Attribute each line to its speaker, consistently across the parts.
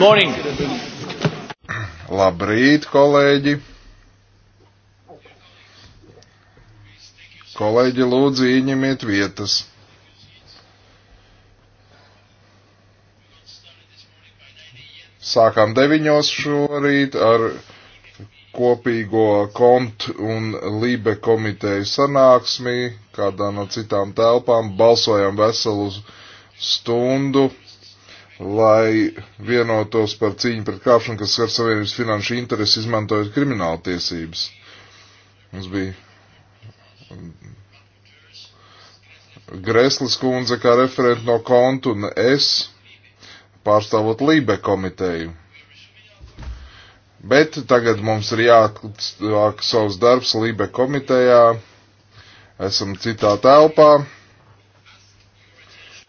Speaker 1: Good morning. Labrīt, kolēģi. Kolēģi, lūdzu, ieņemiet vietas. Sākām deviņos šorīt ar kopīgo kont un libe komiteju sanāksmi, kādā no citām telpām balsojam veselu stundu lai vienotos par cīņu pret krāpšanu, kas skar savienības finanšu interesi, izmantojot krimināla tiesības. Mums bija Greslis kundze kā referenta no kontu un es pārstāvot Lībe komiteju. Bet tagad mums ir jāatklāt savs darbs Lībe komitejā. Esam citā telpā.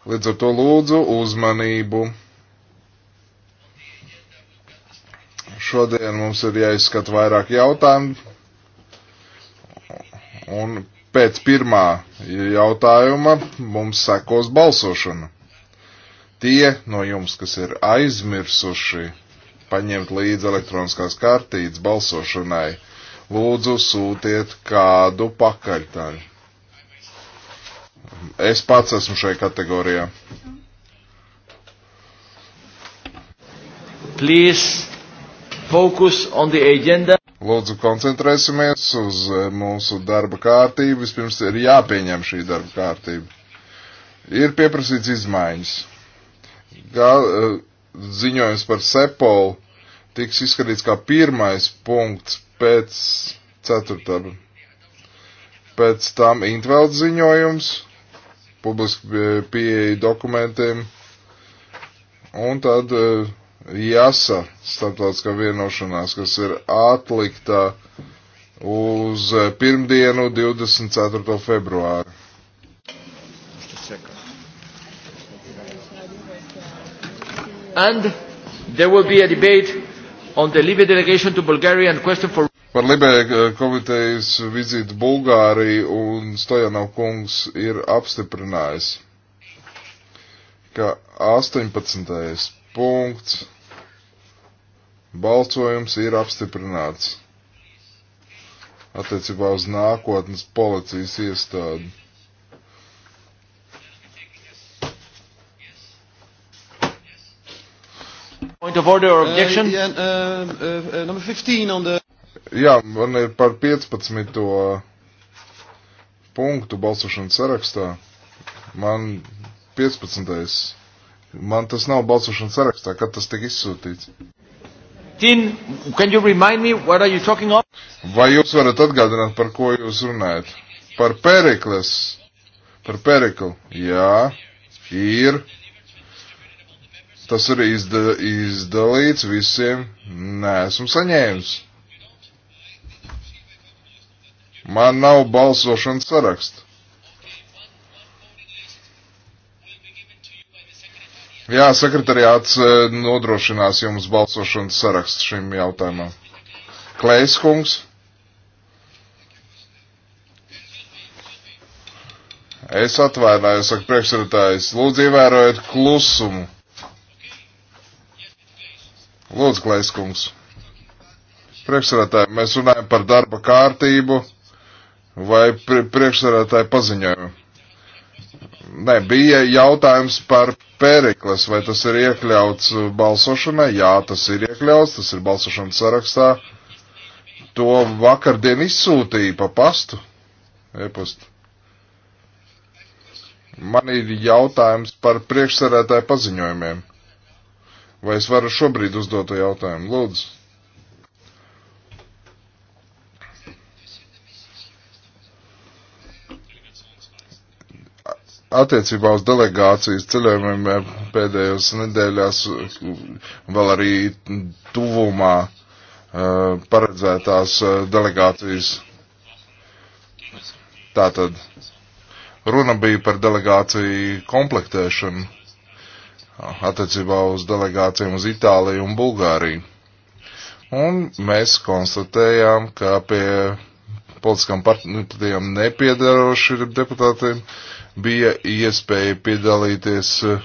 Speaker 1: Līdz ar to lūdzu uzmanību. Šodien mums ir jāizskat vairāk jautājumu. Un pēc pirmā jautājuma mums sekos balsošana. Tie no jums, kas ir aizmirsuši paņemt līdzi elektroniskās kartītes balsošanai, lūdzu sūtiet kādu pakaļtaļu. Es pats esmu šajā kategorijā. Please focus on the agenda. Lūdzu, koncentrēsimies uz eh, mūsu darba kārtību. Vispirms ir jāpieņem šī darba kārtība. Ir pieprasīts izmaiņas. Gā, eh, ziņojums par Sepolu tiks izskatīts kā pirmais punkts pēc ceturtā. Pēc tam Intvelds ziņojums, publiski eh, pieeja dokumentiem, un tad uh, jāsa starptautiskā vienošanās, kas ir atlikta uz eh, pirmdienu 24. februāru. And
Speaker 2: there will be a debate on the Libya delegation to Bulgaria and question for
Speaker 1: Par Libēja eh, komitejas vizīti Bulgāriju un Stojanov kungs ir apstiprinājis, ka 18 punkts. Balsojums ir apstiprināts attiecībā uz nākotnes policijas iestādi. Point of order or eh, objection? Uh, eh, yeah,
Speaker 3: uh, eh, uh, number 15 on the...
Speaker 1: Jā, man ir par 15. punktu balsošanas sarakstā. Man 15. Man tas nav balsošanas sarakstā, kad tas tika izsūtīts. Tin, can you remind me what are you talking of? Vai jūs varat atgādināt, par ko jūs runājat? Par Perikles. Par Periklu. Jā, ir. Tas ir izda, izdalīts visiem. Nē, esmu saņēmis. Man nav balsošanas saraksts. Jā, sekretariāts eh, nodrošinās jums balsošanas sarakstu šim jautājumam. Klējs kungs. Es atvainojos, saka priekšsēdētājs. Lūdzu, ievērojiet klusumu. Lūdzu, Klējs kungs. Priekšsēdētāji, mēs runājam par darba kārtību vai priekšsēdētāju paziņojumu. Nē, bija jautājums par Pērikles, vai tas ir iekļauts balsošanai? Jā, tas ir iekļauts, tas ir balsošanas sarakstā. To vakardien izsūtīja pa pastu, e-pastu. Man ir jautājums par priekšsarētāju paziņojumiem. Vai es varu šobrīd uzdot jautājumu? Lūdzu. attiecībā uz delegācijas ceļojumiem eh, pēdējos nedēļās, eh, vēl arī tuvumā eh, paredzētās delegācijas. Tātad runa bija par delegāciju komplektēšanu attiecībā uz delegācijām uz Itāliju un Bulgāriju. Un mēs konstatējām, ka pie politiskām partijām nepiedaroši deputātiem uh, bija iespēja piedalīties eh,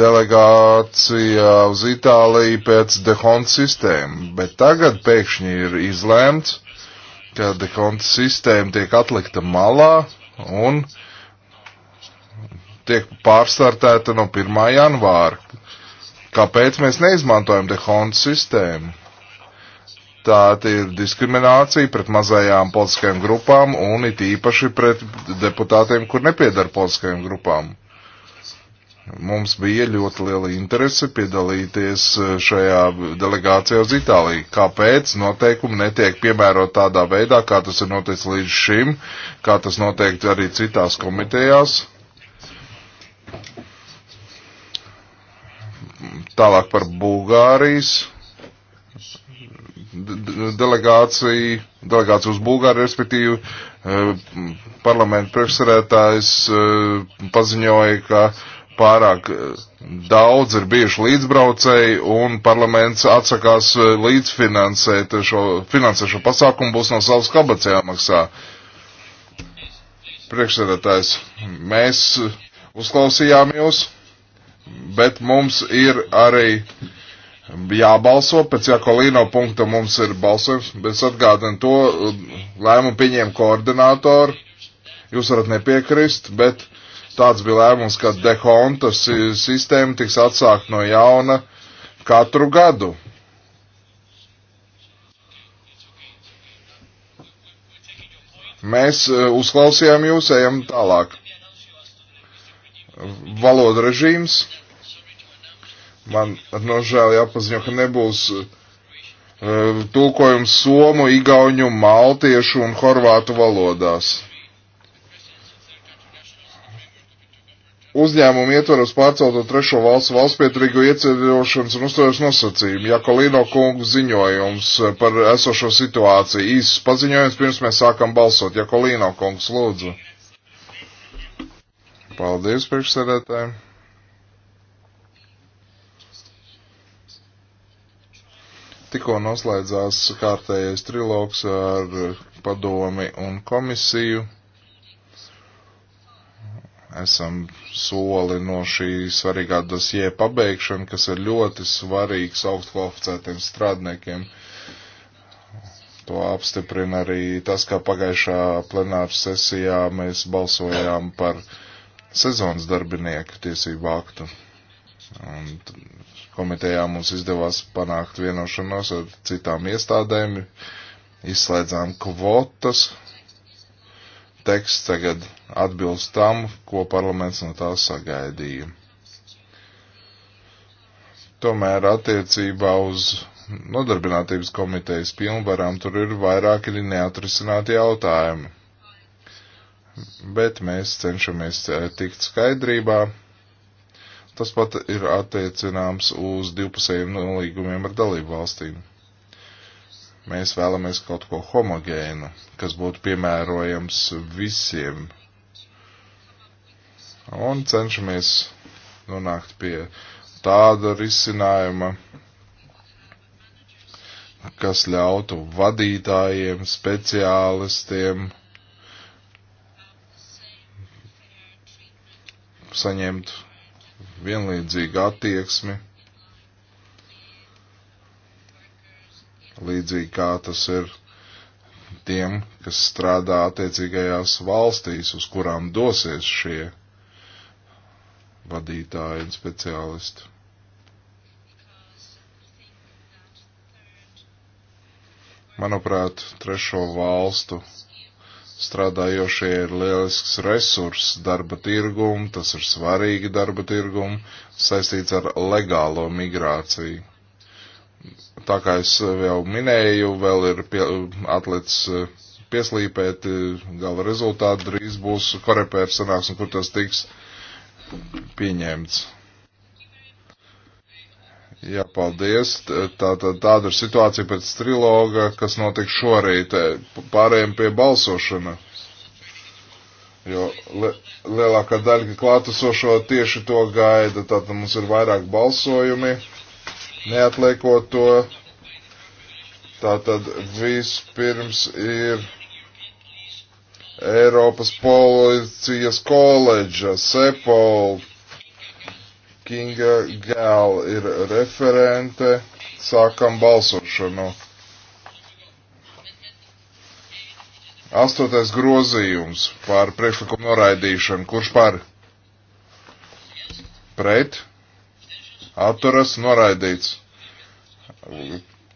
Speaker 1: delegācijā uz Itāliju pēc dehonta sistēmu, bet tagad pēkšņi ir izlēmts, ka dehonta sistēma tiek atlikta malā un tiek pārstartēta no 1. janvāra. Kāpēc mēs neizmantojam dehonta sistēmu? Solidaritāte ir diskriminācija pret mazajām politiskajām grupām un it īpaši pret deputātiem, kur nepiedara politiskajām grupām. Mums bija ļoti liela interese piedalīties e, šajā delegācijā uz Itāliju. Kāpēc noteikumi netiek piemērot tādā veidā, kā tas ir noticis līdz šim, kā tas notiek arī citās komitejās? Tālāk par Bulgārijas delegāciju, delegāciju uz Bulgāru, respektīvi eh, parlamentu priekšsarētājs eh, paziņoja, ka pārāk eh, daudz ir bijuši līdzbraucēji un parlaments atsakās līdzfinansēt šo, finansēt šo pasākumu, būs no savas kabats jāmaksā. Priekšsēdētājs, mēs uzklausījām jūs, bet mums ir arī uh, jābalso. Pēc Jakolīno punkta mums ir balsojums. Es atgādinu to, lēmumu pieņēma koordinātori. Jūs varat nepiekrist, bet tāds bija lēmums, ka dehonta sistēma tiks atsākt no jauna katru gadu. Mēs e, uzklausījām jūs, ejam tālāk. Valoda režīms. Man nožēl jāpaziņo, ka nebūs uh, e, tulkojums somu, igauņu, maltiešu un horvātu valodās. Uzņēmumu ietveros pārcelto trešo valstu valstspietrīgo ieceļošanas un uzturēšanas nosacījumu. Jakolino kungu ziņojums e, par esošo situāciju. Īsts paziņojums pirms mēs sākam balsot. Jakolino kungs, lūdzu. Paldies, priekšsēdētāji. Tikko noslēdzās kārtējais trilogs ar padomi un komisiju. Esam soli no šī svarīgā dosie pabeigšana, kas ir ļoti svarīgs augstkvalificētiem strādniekiem. To apstiprina arī tas, ka pagājušā plenāra sesijā mēs balsojām par sezonas darbinieku tiesību aktu. Un komitejā mums izdevās panākt vienošanos ar citām iestādēm, izslēdzām kvotas. Teksts tagad atbilst tam, ko parlaments no tās sagaidīja. Tomēr attiecībā uz nodarbinātības komitejas pilnvarām tur ir vairāki neatrisināti jautājumi. Bet mēs cenšamies eh, tikt skaidrībā Tas pat ir attiecināms uz divpusējiem nolīgumiem ar dalību valstīm. Mēs vēlamies kaut ko homogēnu, kas būtu piemērojams visiem. Un cenšamies nonākt pie tāda risinājuma, kas ļautu vadītājiem, speciālistiem saņemt vienlīdzīgu attieksmi, līdzīgi kā tas ir tiem, kas strādā attiecīgajās valstīs, uz kurām dosies šie vadītāji un speciālisti. Manuprāt, trešo valstu strādājošie ir lielisks resurs darba tirgumu, tas ir svarīgi darba tirgumu, saistīts ar legālo migrāciju. Tā kā es jau minēju, vēl ir pie, atlicis eh, pieslīpēt, eh, gala rezultāti drīz būs korepēra sanāksme, kur tas tiks pieņemts. Jā, paldies. Tā, tā, tāda ir situācija pēc triloga, kas notiek šorīt. Pārējiem pie balsošana. Jo li lielākā daļa klātesošo tieši to gaida, tātad mums ir vairāk balsojumi, neatliekot to. Tātad vispirms ir Eiropas policijas koledža, Sepol, Kinga Gēl ir referente. Sākam balsošanu. Astotais grozījums par priekšlikumu noraidīšanu. Kurš par? Pret? Atturas noraidīts.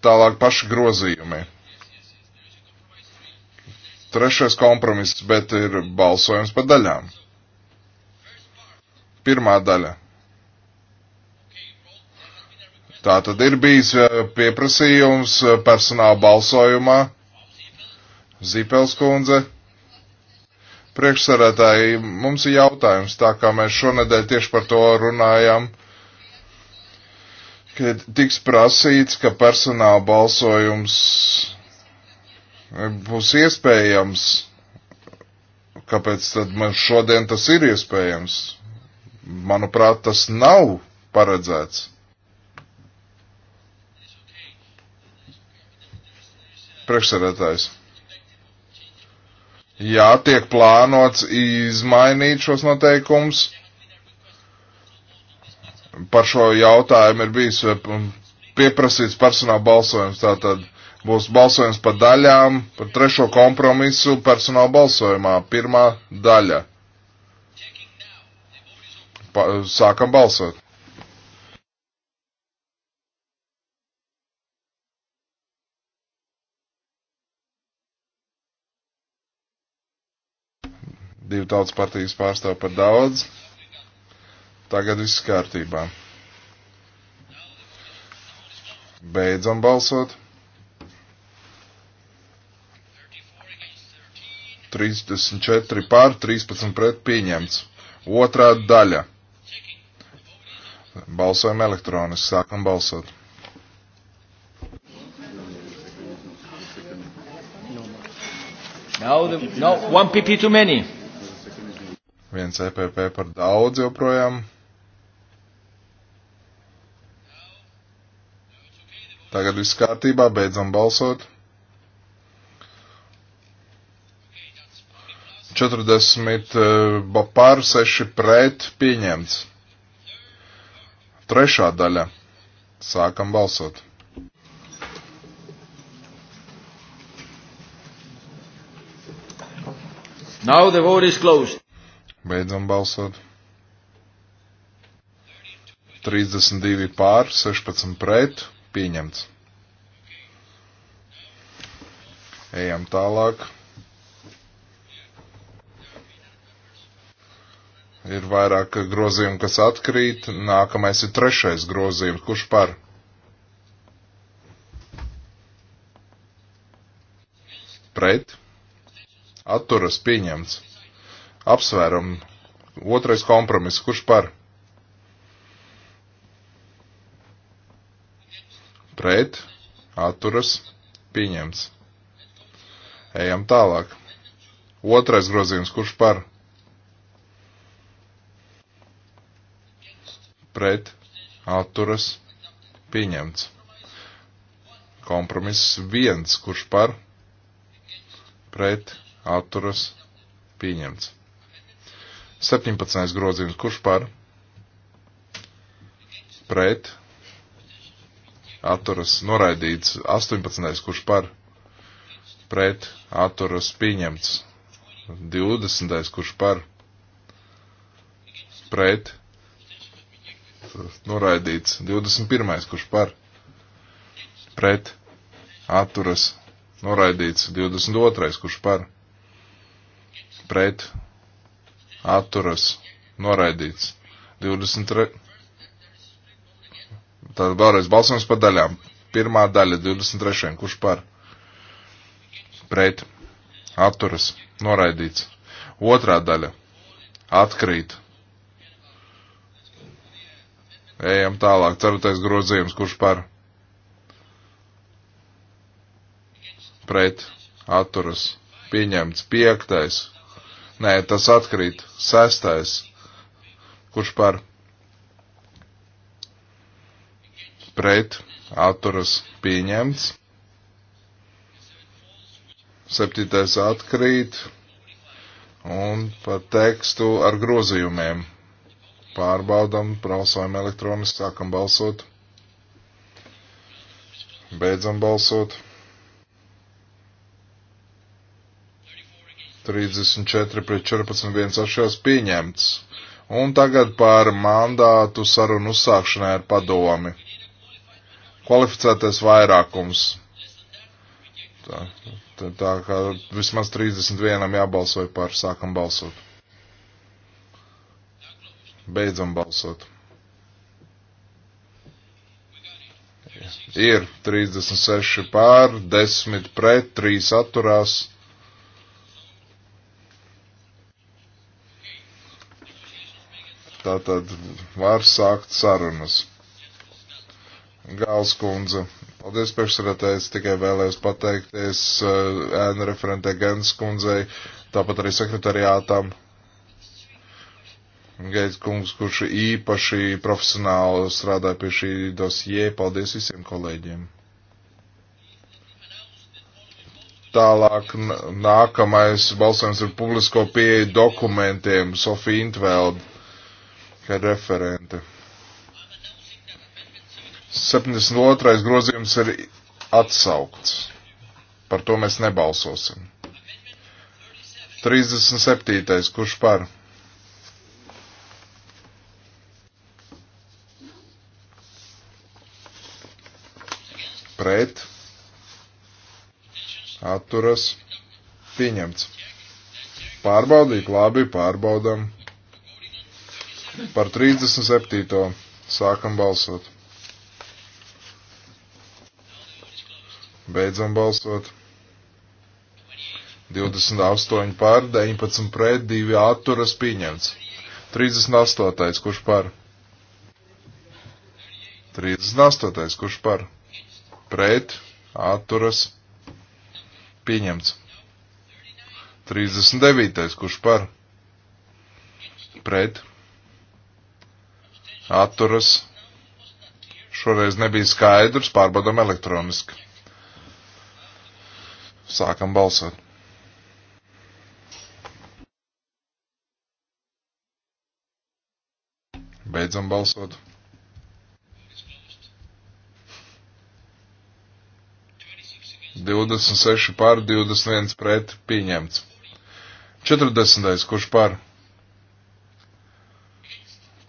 Speaker 1: Tālāk paši grozījumi. Trešais kompromiss, bet ir balsojums pa daļām. Pirmā daļa Tā tad ir bijis eh, pieprasījums eh, personāla balsojumā. Zipelskundze. Priekšsarētāji, mums ir jautājums, tā kā mēs šonedēļ tieši par to runājam, ka tiks prasīts, ka personāla balsojums eh, būs iespējams. Kāpēc tad man šodien tas ir iespējams? Manuprāt, tas nav paredzēts. Priekšsēdētājs. Jā, tiek plānots izmainīt šos noteikumus. Par šo jautājumu ir bijis eh, pieprasīts personāla balsojums. Tātad būs balsojums par daļām, par trešo kompromisu personāla balsojumā. Pirmā daļa. Pa, sākam balsot. Divu tautas partijas pārstāv par daudz. Tagad viss kārtībā. Beidzam balsot. 34 pār 13 pret pieņemts. Otrā daļa. Balsojam elektroniski, sākam balsot.
Speaker 2: Now
Speaker 3: the,
Speaker 4: no, one PP too many.
Speaker 1: Viens EPP par daudz joprojām. Tagad viss kārtībā, beidzam balsot. 40 pār 6 pret pieņemts. Trešā daļa. Sākam balsot.
Speaker 2: Now the vote is closed.
Speaker 1: Beidzam balsot. 32 pār, 16 pret, pieņemts. Ejam tālāk. ir vairāk grozījumu, kas atkrīt. Nākamais ir trešais grozījums. Kurš par? Pret. Atturas pieņemts. Apsvērum. Otrais kompromiss. Kurš par? Pret. Atturas. Pieņemts. Ejam tālāk. Otrais grozījums. Kurš par? Pret. Atturas. Pieņemts. Kompromiss viens. Kurš par? Pret. Atturas. Pieņemts. 17. grozījums, kurš par? Pret. Atturas noraidīts. 18. kurš par? Pret. Atturas pieņemts. 20. kurš par? Pret. Noraidīts. 21. kurš par? Pret. Atturas. Noraidīts. 22. kurš par? Pret atturas noraidīts. 23. Tad vēlreiz balsojums par daļām. Pirmā daļa 23. Kurš par? Pret. Atturas. Noraidīts. Otrā daļa. Atkrīt. Ejam tālāk. Ceturtais grozījums. Kurš par? Pret. Atturas. Pieņemts. Piektais. Nē, tas atkrīt. Sestais. Kurš par? Pret. Atturas pieņemts. Septītais atkrīt. Un par tekstu ar grozījumiem. Pārbaudam, balsojam elektroniski, sākam balsot. Beidzam balsot. 34 pret 14 viens atšķirās pieņemts. Un tagad par mandātu sarunu uzsākšanai ar padomi. Kvalificētais vairākums. Tā, tā, tā kā vismaz 31 jābalsoja par sākam balsot. Beidzam balsot. ir 36 pār, 10 pret, 3 atturās. Tātad var sākt sarunas. Gāls kundze, paldies priekšsarētājs, tikai vēlējos pateikties eh, ēnu referentē Gens kundzei, tāpat arī sekretariātam. Geits kungs, kurš īpaši profesionāli strādāja pie šī dosie, paldies visiem kolēģiem. Tālāk nākamais balsojums ir publisko pieeju dokumentiem, Sofija Intveld kā referente. 72. grozījums ir atsaukts. Par to mēs nebalsosim. 37. kurš par? Pret. Atturas. Pieņemts. Pārbaudīt, labi, pārbaudam. Par 37. sākam balsot. Beidzam balsot. 28 pār, 19 pret, 2 atturas pieņemts. 38. kurš par? 38. kurš par? Pret, atturas pieņemts. 39. kurš par? Pret, atturas. Šoreiz nebija skaidrs, pārbaudam elektroniski. Sākam balsot. Beidzam balsot. 26 pār, 21 pret, pieņemts. 40. kurš pār?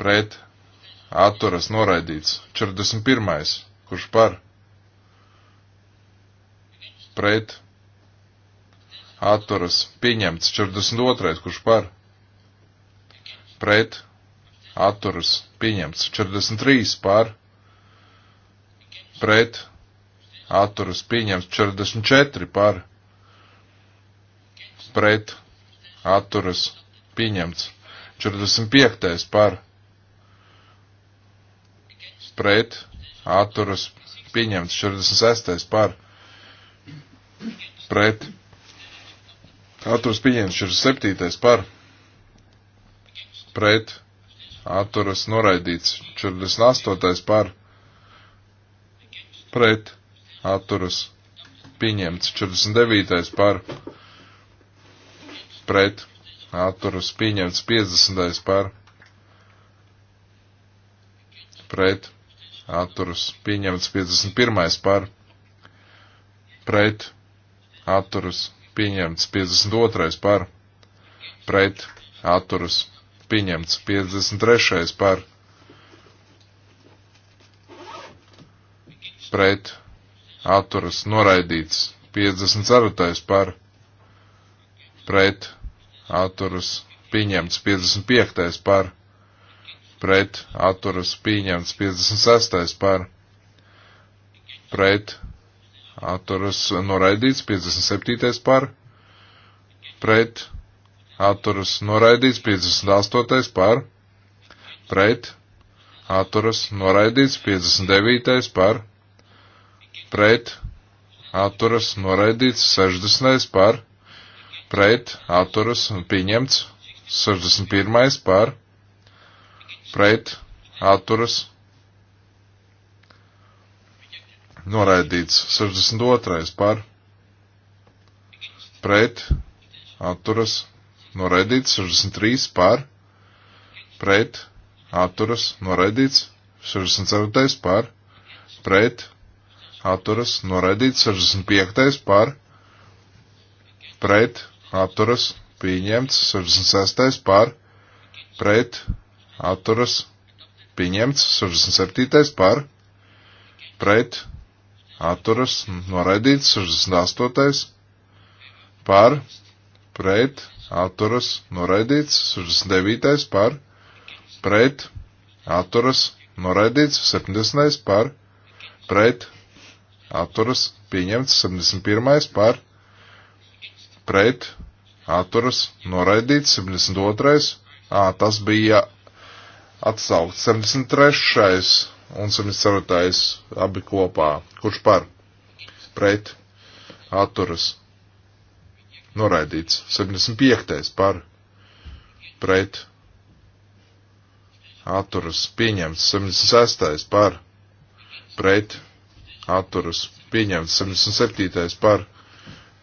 Speaker 1: Pret, atturas noraidīts. 41. Kurš par? Pret. Atturas pieņemts. 42. Kurš par? Pret. Atturas pieņemts. 43. Par. Pret. Atturas pieņemts. 44. Par. Pret. Atturas pieņemts. 45. Par pret, atturas pieņemts. 46. par, pret, atturas pieņemts. 47. par, pret, atturas noraidīts. 48. par, pret, atturas pieņemts. 49. par, pret, atturas pieņemts. 50. par, pret, atturas pieņemts 51. par pret atturas pieņemts 52. par pret atturas pieņemts 53. par pret atturas noraidīts 54. par pret atturas pieņemts 55. par pret pret atturas pieņemts 56. par pret atturas noraidīts 57. par pret atturas noraidīts 58. par pret atturas noraidīts 59. par pret atturas noraidīts 60. par pret atturas pieņemts 61. par pret pret, atturas, noraidīts 62. par, pret, atturas, noraidīts 63. par, pret, atturas, noraidīts 64. par, pret, atturas, noraidīts 65. par, pret, atturas, pieņemts 66. par, pret, atturas pieņemts. 67. par pret atturas noraidīts. 68. par pret atturas noraidīts. 69. par pret atturas noraidīts. 70. par pret atturas pieņemts. 71. par pret atturas noraidīts. 72. Ā, tas bija atsaukt 73. un 74. abi kopā. Kurš par? Pret. Atturas. Noraidīts. 75. par. Pret. Atturas. Pieņemts. 76. par. Pret. Atturas. Pieņemts. 77. par.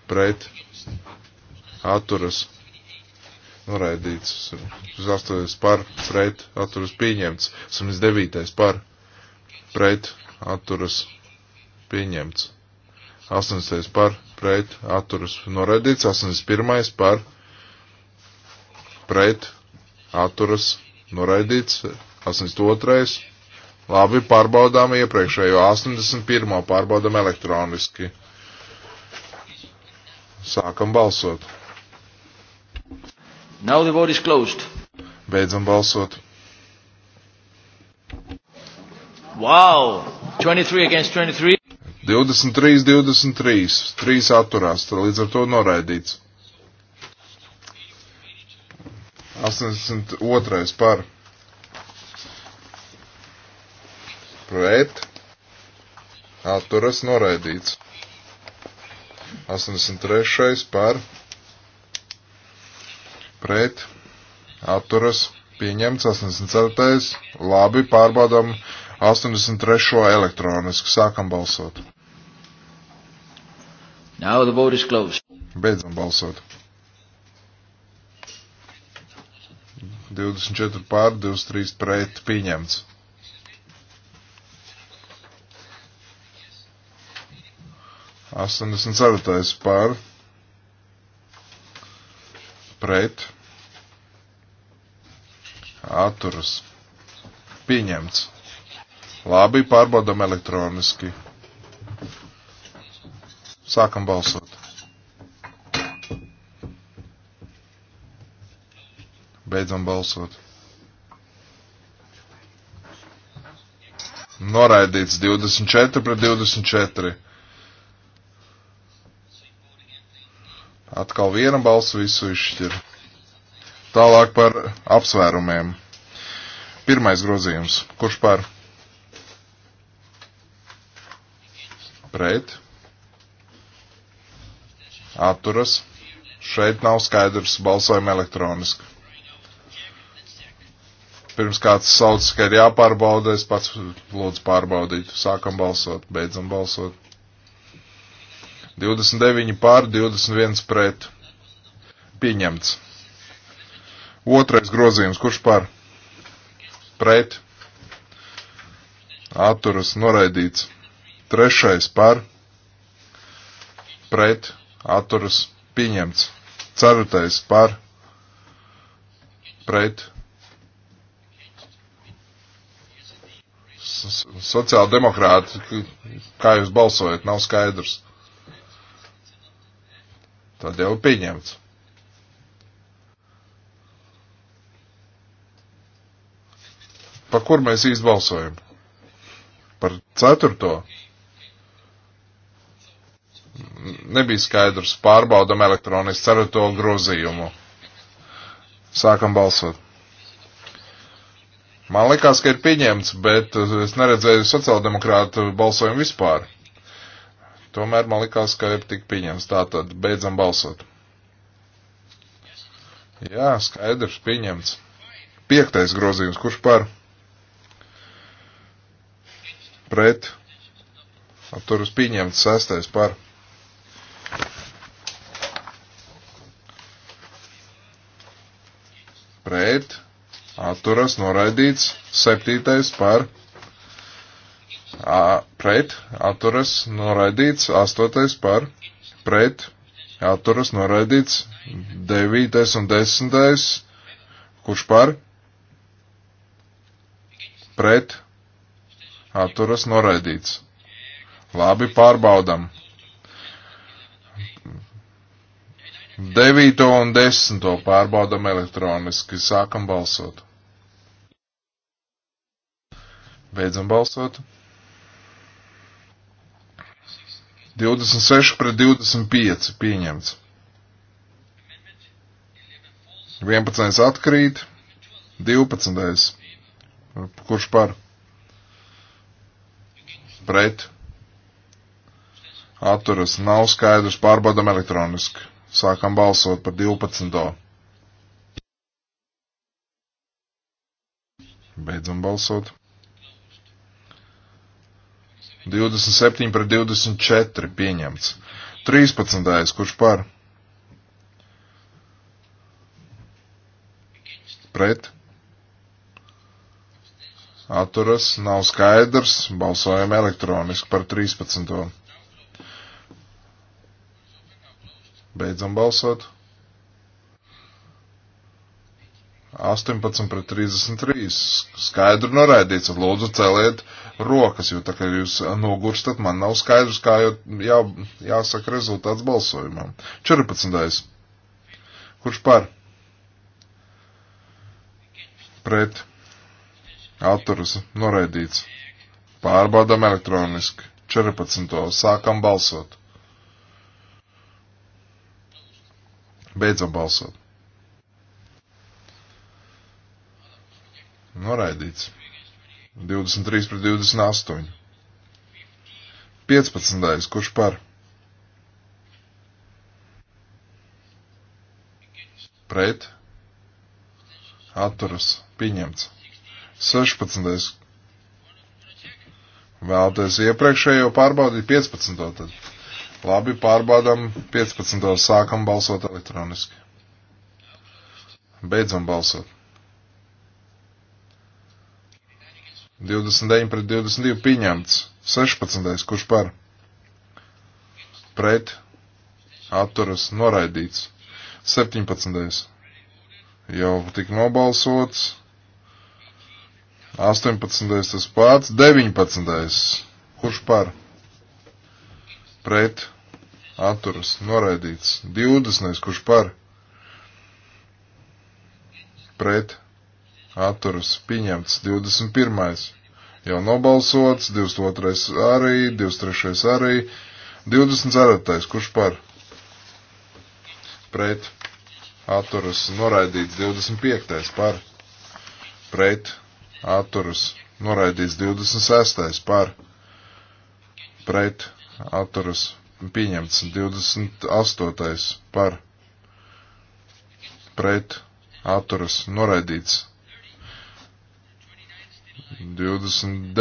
Speaker 1: Pret. Atturas noraidīts, 68 par, pret, atturas pieņemts, 89 par, pret, atturas pieņemts, 80 par, pret, atturas noraidīts, 81 par, pret, atturas noraidīts, 82. Labi, pārbaudām iepriekšējo 81. pārbaudām elektroniski. Sākam balsot.
Speaker 2: Now the vote is closed.
Speaker 1: Beidzam balsot.
Speaker 2: Wow! 23 against 23.
Speaker 1: 23, 23. 3 atturās, līdz ar to noraidīts. 82 par. Pret. Atturas noraidīts. 83 par pret, atturas, pieņemts 84. Labi, pārbaudam 83. elektronisku, sākam balsot. Now the vote is closed. Beidzam balsot. 24 pār, 23 pret, pieņemts. Astoņdesmit ceturtais pār, pret atturas pieņemts. Labi, pārbaudam elektroniski. Sākam balsot. Beidzam balsot. Noraidīts 24 pret 24. Atkal viena balss visu izšķir. Tālāk par apsvērumiem. Pirmais grozījums. Kurš par? Pret. Atturas. Šeit nav skaidrs. Balsojam elektroniski. Pirms kāds sauc, ka ir jāpārbauda, es pats lūdzu pārbaudīt. Sākam balsot, beidzam balsot. 29 pār 21 pret. Pieņemts. Otrais grozījums, kurš par? Pret. Atturas noraidīts. Trešais par. Pret. Atturas pieņemts. Ceturtais par. Pret. Sociāldemokrāti, kā jūs balsojat, nav skaidrs. Tad jau pieņemts. Par kur mēs izbalsojam? Par ceturto? Nebija skaidrs. Pārbaudam elektroniski ceturto grozījumu. Sākam balsot. Man likās, ka ir pieņemts, bet es neredzēju sociāldemokrātu balsojumu vispār. Tomēr man likās, ka ir tik pieņems. Tātad beidzam balsot. Jā, skaidrs, pieņemts. Piektais grozījums, kurš par? Pret. Atturas pieņemts, sestais par. Pret. Atturas noraidīts, septītais par. A, pret, atturas, noraidīts, 8. par, pret, atturas, noraidīts, 9. un 10. kurš par, pret, atturas, noraidīts. Labi, pārbaudam. 9. un 10. pārbaudam elektroniski, sākam balsot. Beidzam balsot. 26 pret 25 pieņemts. 11. atkrīt, 12. Kurš par? Pret. Atturas nav skaidrs, pārbaudam elektroniski. Sākam balsot par 12. Beidzam balsot. 27 par 24 pieņemts. 13. kurš par? Pret. Atturas nav skaidrs. Balsojam elektroniski par 13. Beidzam balsot. 18 pret 33. Skaidri noraidīts, lūdzu celiet rokas, jo tā kā jūs nogurstat, man nav skaidrs, kā jau jā, jāsaka rezultāts balsojumam. 14. Kurš par? Pret. Atturas noraidīts. Pārbaudam elektroniski. 14. Sākam balsot. Beidzam balsot. Noraidīts. 23 pret 28. 15. Kurš par? Pret. Atturas. Pieņemts. 16. Vēlaties iepriekšējo pārbaudīt 15. Tad. Labi, pārbaudam 15. Sākam balsot elektroniski. Beidzam balsot. 29 pret 22 pieņemts. 16. Kurš par? Pret. Atturas noraidīts. 17. Jau tik nobalsots. 18. tas pats. 19. Kurš par? Pret. Atturas noraidīts. 20. Kurš par? Pret atturas pieņemts 21. Jau nobalsots, 22. arī, 23. arī, 24. kurš par? Pret atturas noraidīts 25. par? Pret atturas noraidīts 26. par? Pret atturas pieņemts 28. par? Pret atturas noraidīts 29.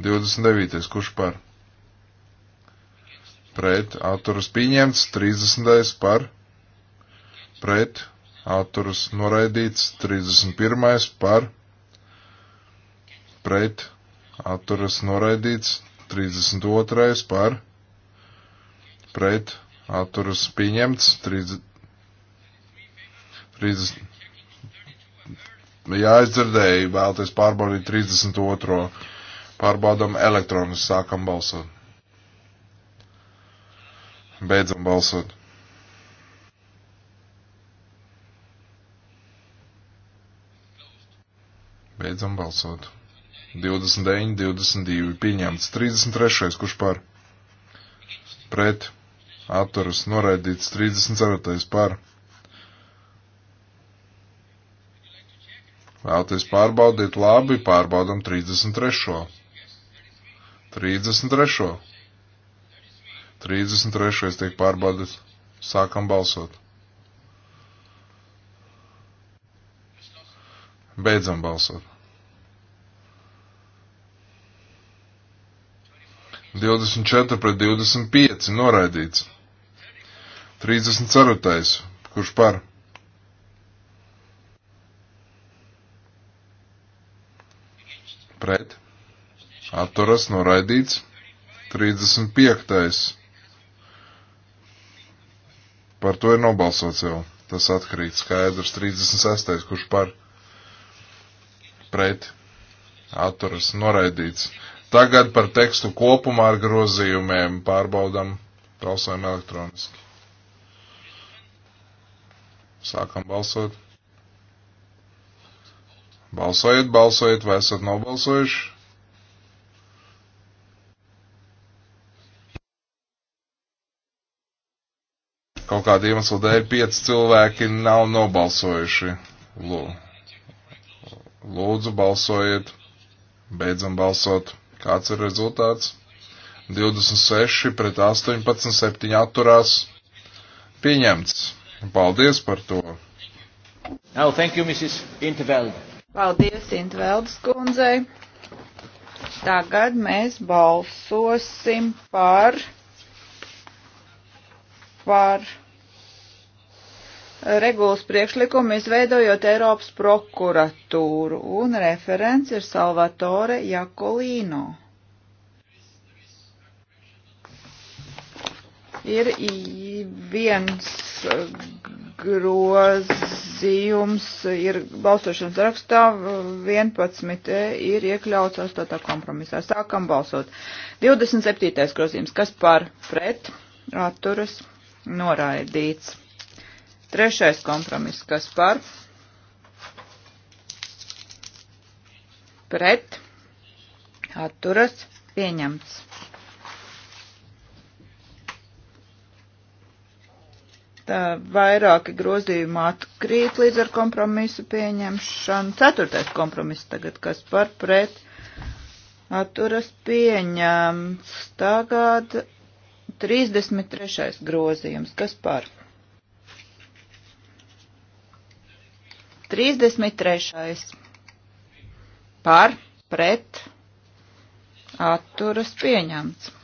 Speaker 1: 29. Kurš par? Pret atturas pieņemts. 30. par? Pret atturas noraidīts. 31. par? Pret atturas noraidīts. 32. par? Pret atturas pieņemts. 30. 30 Nu, Jā, es dzirdēju, vēlaties pārbaudīt 32. Pārbaudam elektroniski, sākam balsot. Beidzam balsot. Beidzam balsot. 29, 22, pieņemts. 33, kurš par? Pret. Atturas noraidīts. 34, par. Vēlaties pārbaudīt labi, pārbaudam 33. 33. 33. tiek pārbaudīts. Sākam balsot. Beidzam balsot. 24 pret 25 noraidīts. 34. Kurš par? pret atturas noraidīts 35. Par to ir nobalsots jau. Tas atkrīt skaidrs 36. kurš par pret atturas noraidīts. Tagad par tekstu kopumā ar grozījumiem pārbaudam balsojumu elektroniski. Sākam balsot. Balsojiet, balsojiet, vai esat nobalsojuši? Kaut kāda iemesla dēļ pieci cilvēki nav nobalsojuši. Lūdzu, balsojiet, beidzam balsot. Kāds ir rezultāts? 26 pret 18, 7 atturās. Pieņemts. Paldies par to. Now, thank you, Mrs. Intervelde.
Speaker 2: Paldies
Speaker 5: Intveldes kundzei. Tagad mēs balsosim par, par regulas priekšlikumu izveidojot Eiropas prokuratūru, un referents ir Salvatore Jakolīno. Ir viens groz grozījums ir balsošanas rakstā 11 e ir iekļauts 8. kompromisā. Sākam balsot. 27. grozījums, kas par pret atturas noraidīts. Trešais kompromiss, kas par pret atturas pieņemts. vairāki grozījumi atkrīt līdz ar kompromisu pieņemšanu. Ceturtais kompromiss tagad, kas par pret atturas pieņemts. Tagad 33. grozījums, kas par? 33. par pret atturas pieņemts.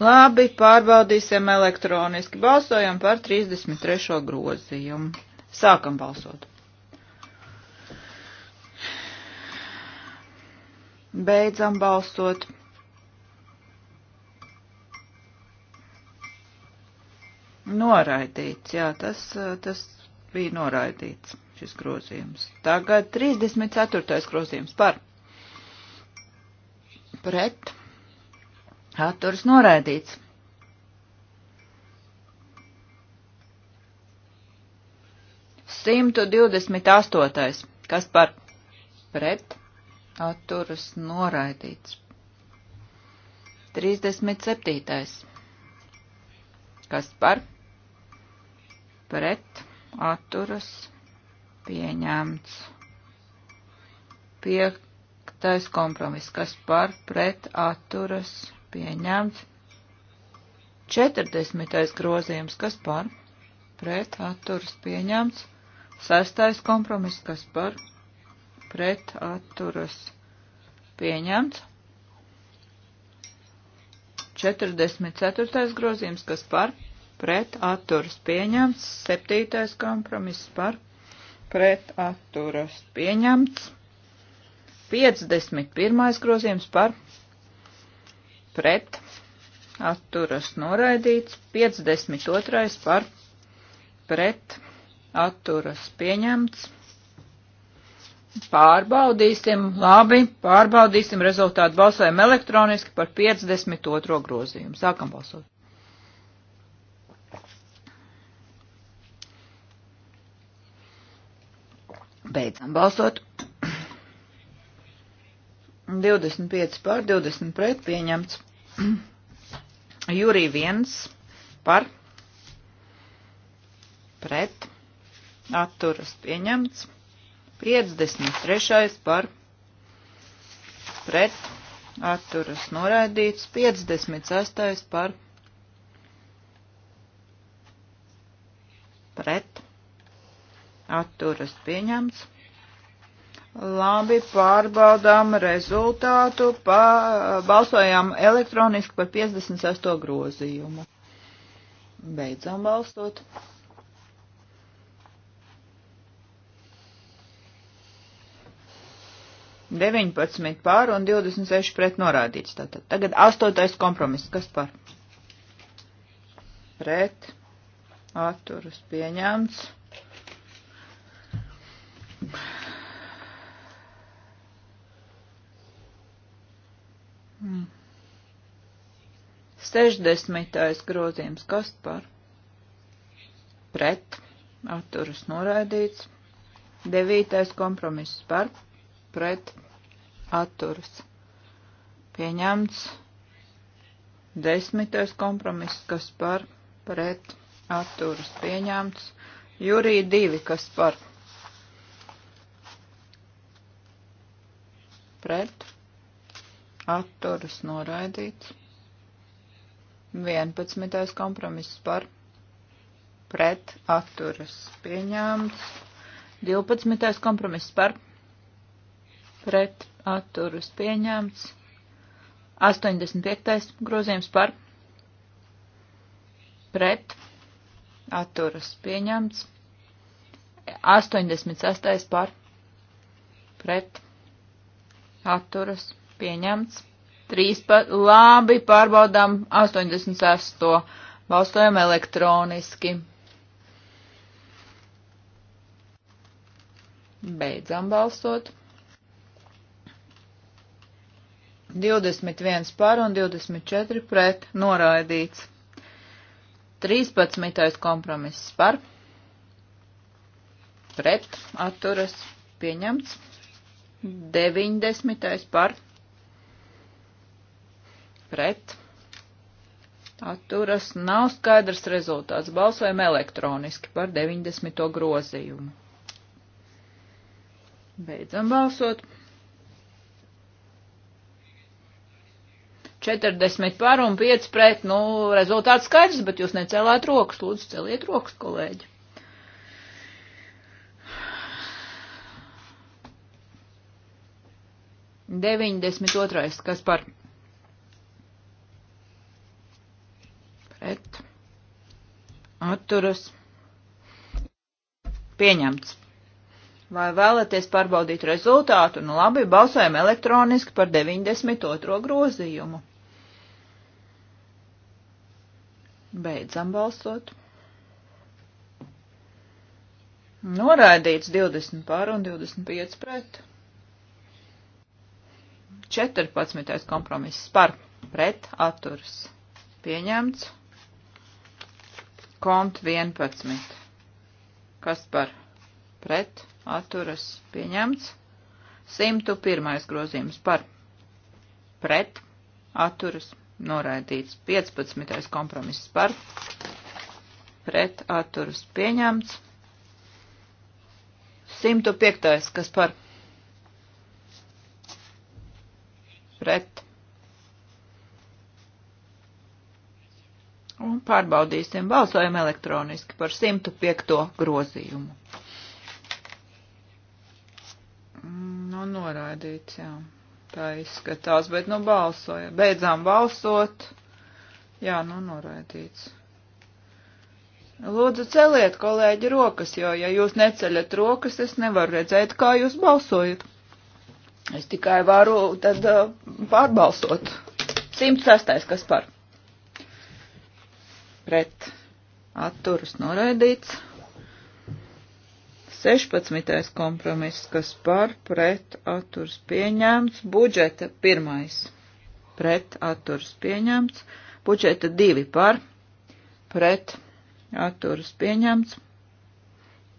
Speaker 5: Labi, pārbaudīsim elektroniski. Balsojam par 33. grozījumu. Sākam balsot. Beidzam balsot. Noraidīts, jā, tas, tas bija noraidīts, šis grozījums. Tagad 34. grozījums par. Pret Atturs noraidīts. Simtu divdesmit astotais. Kas par pret? Atturas noraidīts. Trīsdesmit septītais. Kas par pret? Atturas pieņemts. Piektais kompromiss. Kas par pret? Atturas pieņemts pieņemts. 40. grozījums, kas par, pret atturas pieņemts. 6. kompromiss, kas par, pret atturas pieņemts. 44. grozījums, kas par, pret atturas pieņemts. 7. kompromiss par, pret atturas pieņemts. 51. grozījums par pret, atturas noraidīts, 52. par pret, atturas pieņemts. Pārbaudīsim, labi, pārbaudīsim rezultātu balsojumu elektroniski par 52. grozījumu. Sākam balsot. Beidzam balsot. 25 pār 20 pret pieņemts. Jūrī 1 par pret atturas pieņemts. 53 par pret atturas noraidīts. 56 par pret atturas pieņemts. Labi, pārbaudām rezultātu, pa, balsojām elektroniski par 56. grozījumu. Beidzam balstot. Deviņpadsmit pār un divdesmit seši pret norādīts. Tātad tagad astotais kompromiss. Kas par? Pret. Atturus pieņemts. 60. grozījums, kas par pret atturas noraidīts. 9. kompromiss par pret atturas pieņemts. 10. kompromiss, kas par pret atturas pieņemts. Jurija 2, kas par pret atturas noraidīts. 11. kompromiss par pret atturas pieņemts. 12. kompromiss par pret atturas pieņemts. 85. grozījums par pret atturas pieņemts. 86. par pret atturas pieņemts. 3 pa, labi, pārbaudām 86. Balsojam elektroniski. Beidzam balsot. 21 par un 24 pret noraidīts. 13. kompromiss par. Pret atturas pieņemts. 90. par pret, atturas, nav skaidrs rezultāts. Balsojam elektroniski par 90. grozījumu. Beidzam balsot. 40 par un 5 pret, nu, rezultāts skaidrs, bet jūs necēlāt rokas, lūdzu, celiet rokas, kolēģi. Deviņdesmit otrais, kas par pret atturas pieņemts. Vai vēlaties pārbaudīt rezultātu? Nu labi, balsojam elektroniski par 92. grozījumu. Beidzam balsot. Noraidīts 20 pār un 25 pret. 14. kompromiss par pret atturs. Pieņemts. Kont 11. Kas par pret atturas pieņemts? 101. grozījums par pret atturas noraidīts. 15. kompromiss par pret atturas pieņemts. 105. kas par pret Un pārbaudīsim. Balsojam elektroniski par 105. grozījumu. Nu, noraidīts, jā. Tā izskatās, bet nu balsoja. Beidzām balsot. Jā, nu noraidīts. Lūdzu, celiet, kolēģi, rokas, jo, ja jūs neceļat rokas, es nevaru redzēt, kā jūs balsojat. Es tikai varu tad uh, pārbalsot. 106. kas par? pret atturas noraidīts. 16. kompromiss, kas par pret atturs pieņēmts, budžeta 1. pret atturs pieņēmts, budžeta 2 par pret atturs pieņēmts.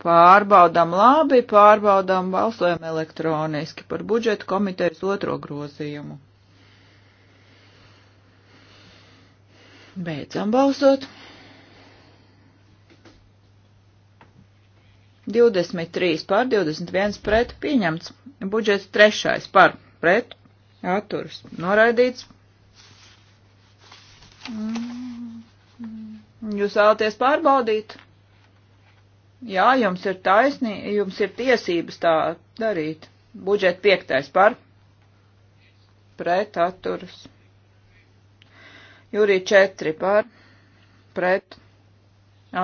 Speaker 5: Pārbaudām labi, pārbaudām balsojam elektroniski par budžeta komitejas otro grozījumu. Beidzam balsot. 23 pār 21 pret pieņemts. Budžets trešais par pret atturas noraidīts.
Speaker 4: Mm.
Speaker 5: Jūs vēlaties pārbaudīt? Jā, jums ir taisnī, jums ir tiesības tā darīt. Budžets piektais par pret atturas. Jūrī 4 par pret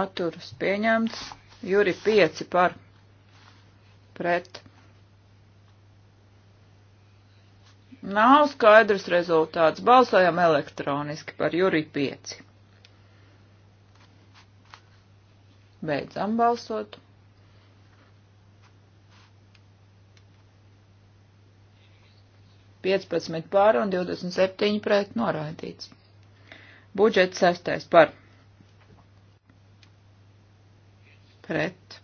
Speaker 5: atturas pieņemts. Juri 5 par pret. Nav skaidrs rezultāts. Balsojam elektroniski par Juri 5. Beidzam balsot. Piecpadsmit pār un divdesmit septiņi pret noraidīts. Budžets sestais par. pret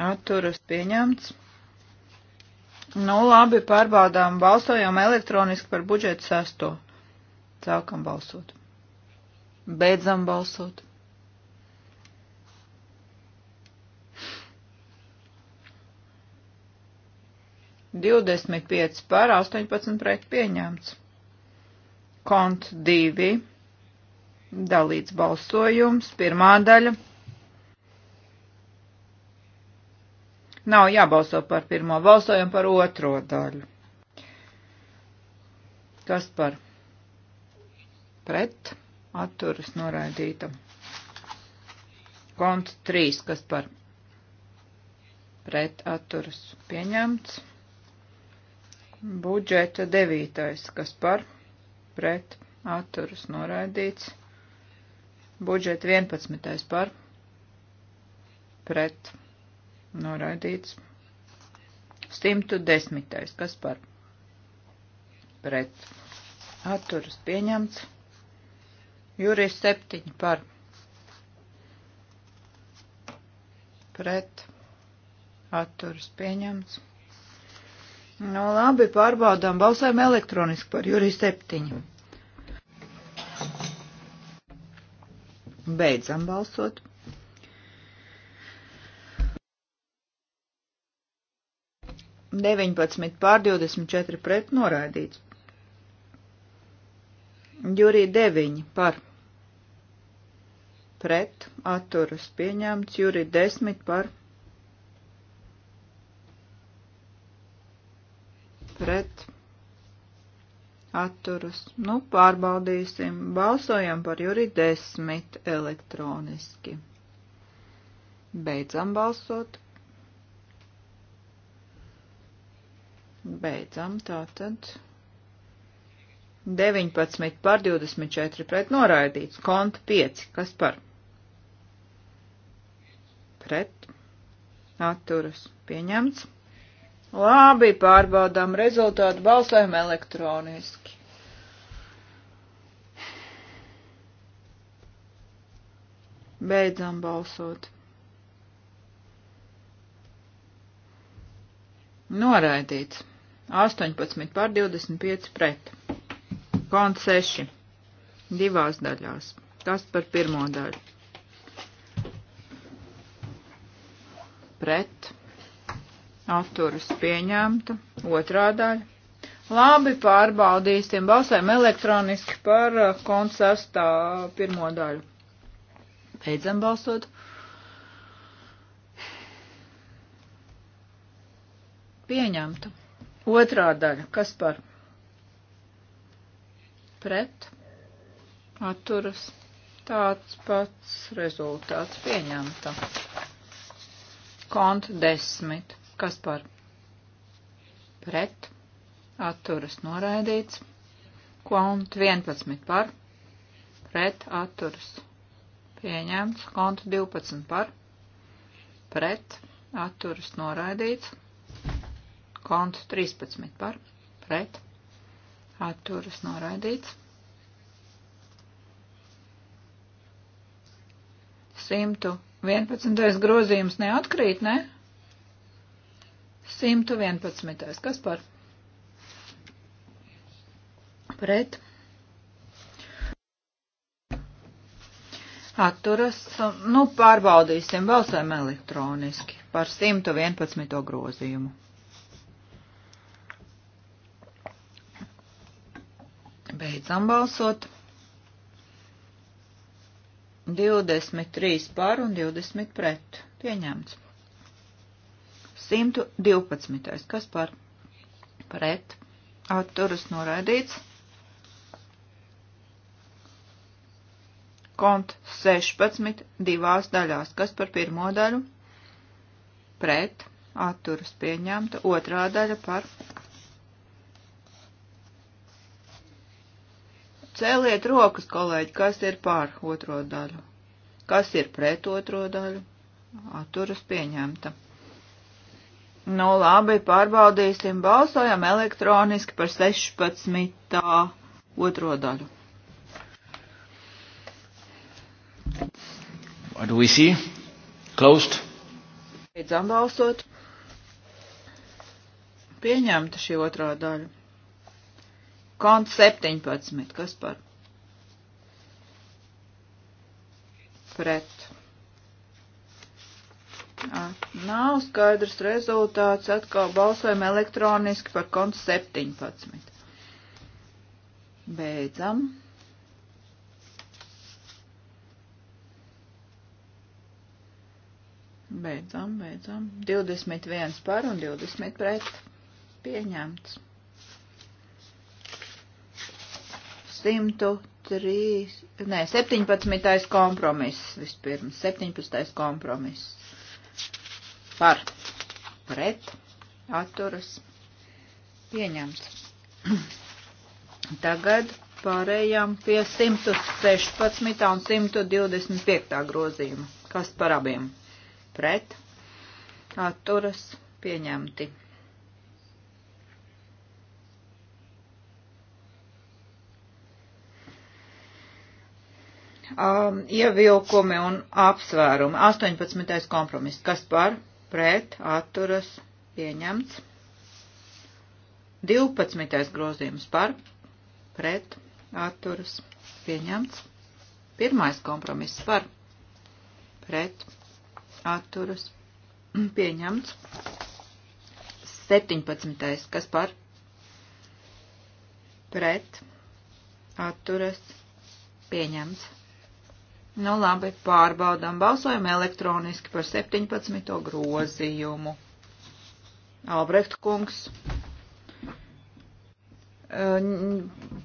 Speaker 5: atturas pieņemts. Nu, labi, pārbaudām, balsojam elektroniski par budžetu sesto. Sākam balsot. Beidzam balsot. Divdesmit pieci par, astoņpadsmit pret pieņemts. Kont divi. Dalīts balsojums. Pirmā daļa Nav jābalso par pirmo, balsojam par otro daļu. Kas par? Pret, atturas noraidīta. Konts 3, kas par? Pret, atturas pieņemts. Budžeta 9, kas par? Pret, atturas noraidīts. Budžeta 11 par? Pret, Noraidīts. 110. Kas par? Pret. Atturas pieņemts. Jurijs 7 par. Pret. Atturas pieņemts. Nu, labi, pārbaudām. Balsēm elektroniski par Juriju septiņu. Beidzam balsot. 19 pār 24 pret noraidīts. Jurī 9 par pret atturas pieņemts, Jurī 10 par pret atturas. Nu, pārbaudīsim. Balsojam par Jurī 10 elektroniski. Beidzam balsot. Beidzam tātad. 19 par 24 pret noraidīts. Konta 5. Kas par? Pret. Atturas. Pieņemts. Labi, pārbaudām rezultātu. Balsojam elektroniski. Beidzam balsot. Noraidīts. 18 pār 25 pret. Kont 6. Divās daļās. Kas par pirmo daļu? Pret. Atturas pieņemta. Otrā daļa. Labi, pārbaudīsim. Balsēm elektroniski par uh, kont 6. pirmo daļu. Beidzam balsot. Pieņemta. Otrā daļa. Kas par? Pret. Atturas. Tāds pats rezultāts pieņemta. Kont desmit. Kas par? Pret. Atturas noraidīts. Kont 11 par pret atturas. Pieņemts kontu 12 par, pret atturas noraidīts, kontu 13 par pret atturas noraidīts. 111. grozījums neatkrīt, ne? 111. Kas par? Pret. Atturas, nu pārbaudīsim, balsēm elektroniski par 111. grozījumu. Beidzam balsot. 23 par un 20 pret. Pieņemts. 112. Kas par? Pret. Atturas noraidīts. Kont 16 divās daļās. Kas par pirmo daļu? Pret. Atturas pieņemta. Otrā daļa par Cēliet rokas, kolēģi, kas ir pār otro daļu? Kas ir pret otro daļu? Atturas pieņemta. Nu, labi, pārbaudīsim, balsojam elektroniski par 16. otro daļu.
Speaker 2: What do we see? Closed.
Speaker 5: Beidzām balsot. Pieņemta šī otrā daļa. Kont 17, kas par? Pret. Nav skaidrs rezultāts, atkal balsojam elektroniski par kont 17. Beidzam. Beidzam, beidzam. 21 par un 20 pret. Pieņemts. 103, nē, 17. kompromiss vispirms, 17. kompromiss. Par, pret, atturas, pieņemts. Tagad pārējām pie 116. un 125. grozījuma. Kas par abiem? Pret, atturas, pieņemti. um, ievilkumi un apsvērumi. 18. kompromiss. Kas par? Pret, atturas, pieņemts. 12. grozījums par, pret, atturas, pieņemts. Pirmais kompromiss par, pret, atturas, pieņemts. 17. kas par, pret, atturas, pieņemts. Nu labi, pārbaudām balsojam elektroniski par 17. grozījumu. Albrecht kungs.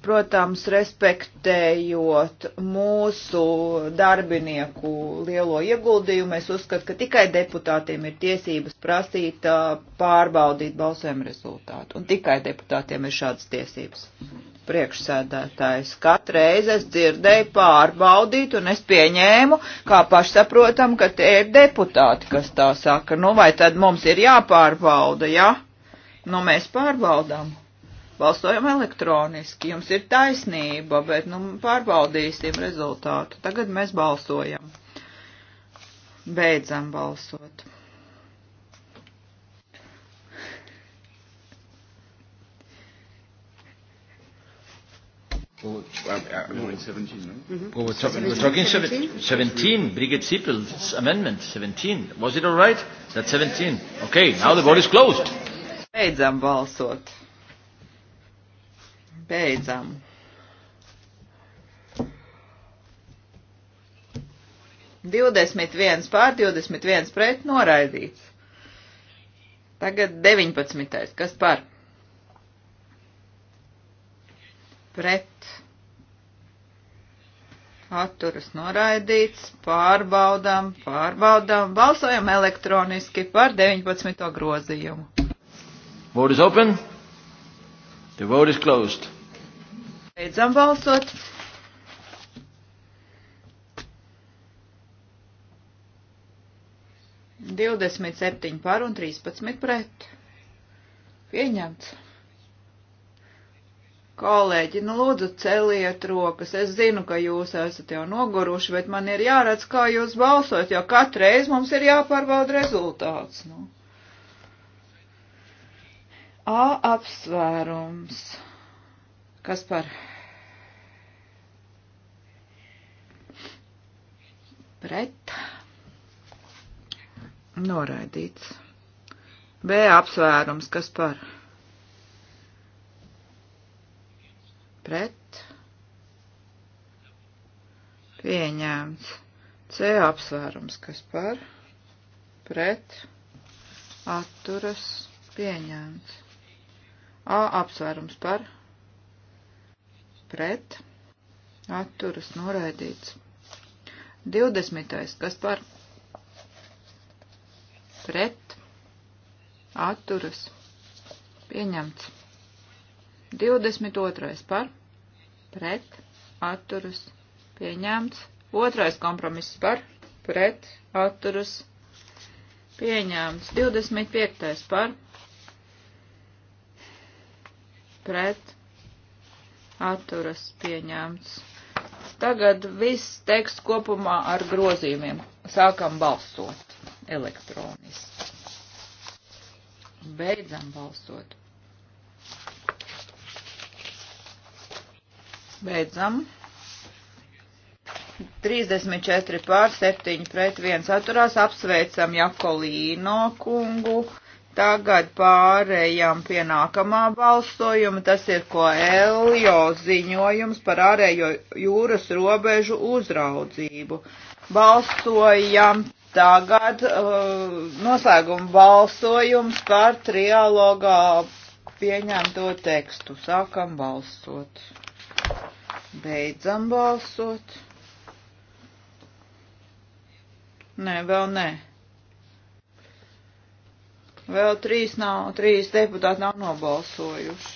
Speaker 5: Protams, respektējot mūsu darbinieku lielo ieguldījumu, es uzskatu, ka tikai deputātiem ir tiesības prasīt pārbaudīt balsojumu rezultātu. Un tikai deputātiem ir šādas tiesības priekšsēdētājs. Katru reizi es dzirdēju pārbaudīt, un es pieņēmu, kā pašsaprotam, ka tie ir deputāti, kas tā saka. Nu, vai tad mums ir jāpārbauda, jā? Ja? Nu, mēs pārbaudām. Balsojam elektroniski, jums ir taisnība, bet, nu, pārbaudīsim rezultātu. Tagad mēs balsojam. Beidzam balsot.
Speaker 2: Well, uh, uh, no, it's 17, no? Mm-hmm. Well, we're, talk- we're talking 17? 17, Brigitte Sippel's amendment, 17. Was it all right? That's 17. Okay, now the vote is closed.
Speaker 5: Beidzam balsot. Beidzam. Divdesmit viens pār, divdesmit viens pret, noraidīts. Tagad deviņpadsmitais. Kas par? pret atturas noraidīts, pārbaudām, pārbaudām, balsojam elektroniski par 19. grozījumu.
Speaker 2: Vote is open. The vote is closed.
Speaker 5: Beidzam balsot. Divdesmit septiņi par un trīspadsmit pret. Pieņemts. Kolēģi, nu lūdzu celiet rokas. Es zinu, ka jūs esat jau noguruši, bet man ir jāredz, kā jūs balsot, jo katreiz mums ir jāpārbauda rezultāts. Nu. A apsvērums. Kas par? Pret. Noraidīts. B apsvērums. Kas par? pret pieņēmts. C apsvērums, kas par pret atturas pieņēmts. A apsvērums par pret atturas noraidīts. 20. kas par pret atturas pieņemts. 22. par, pret, atturas, pieņemts. Otrais kompromiss par, pret, atturas, pieņemts. 25. par, pret, atturas, pieņemts. Tagad viss teksts kopumā ar grozījumiem. Sākam balsot elektroniski. Beidzam balsot. Beidzam. 34 pār 7 pret 1 atturās. Apsveicam Jakolīno kungu. Tagad pārējām pie nākamā balsojuma. Tas ir ko Elio ziņojums par ārējo jūras robežu uzraudzību. Balsojam tagad uh, noslēguma balsojums par trialogā pieņemto tekstu. Sākam balsot. Beidzam balsot. Nē, vēl nē. Vēl trīs nav, trīs deputāti nav nobalsojuši.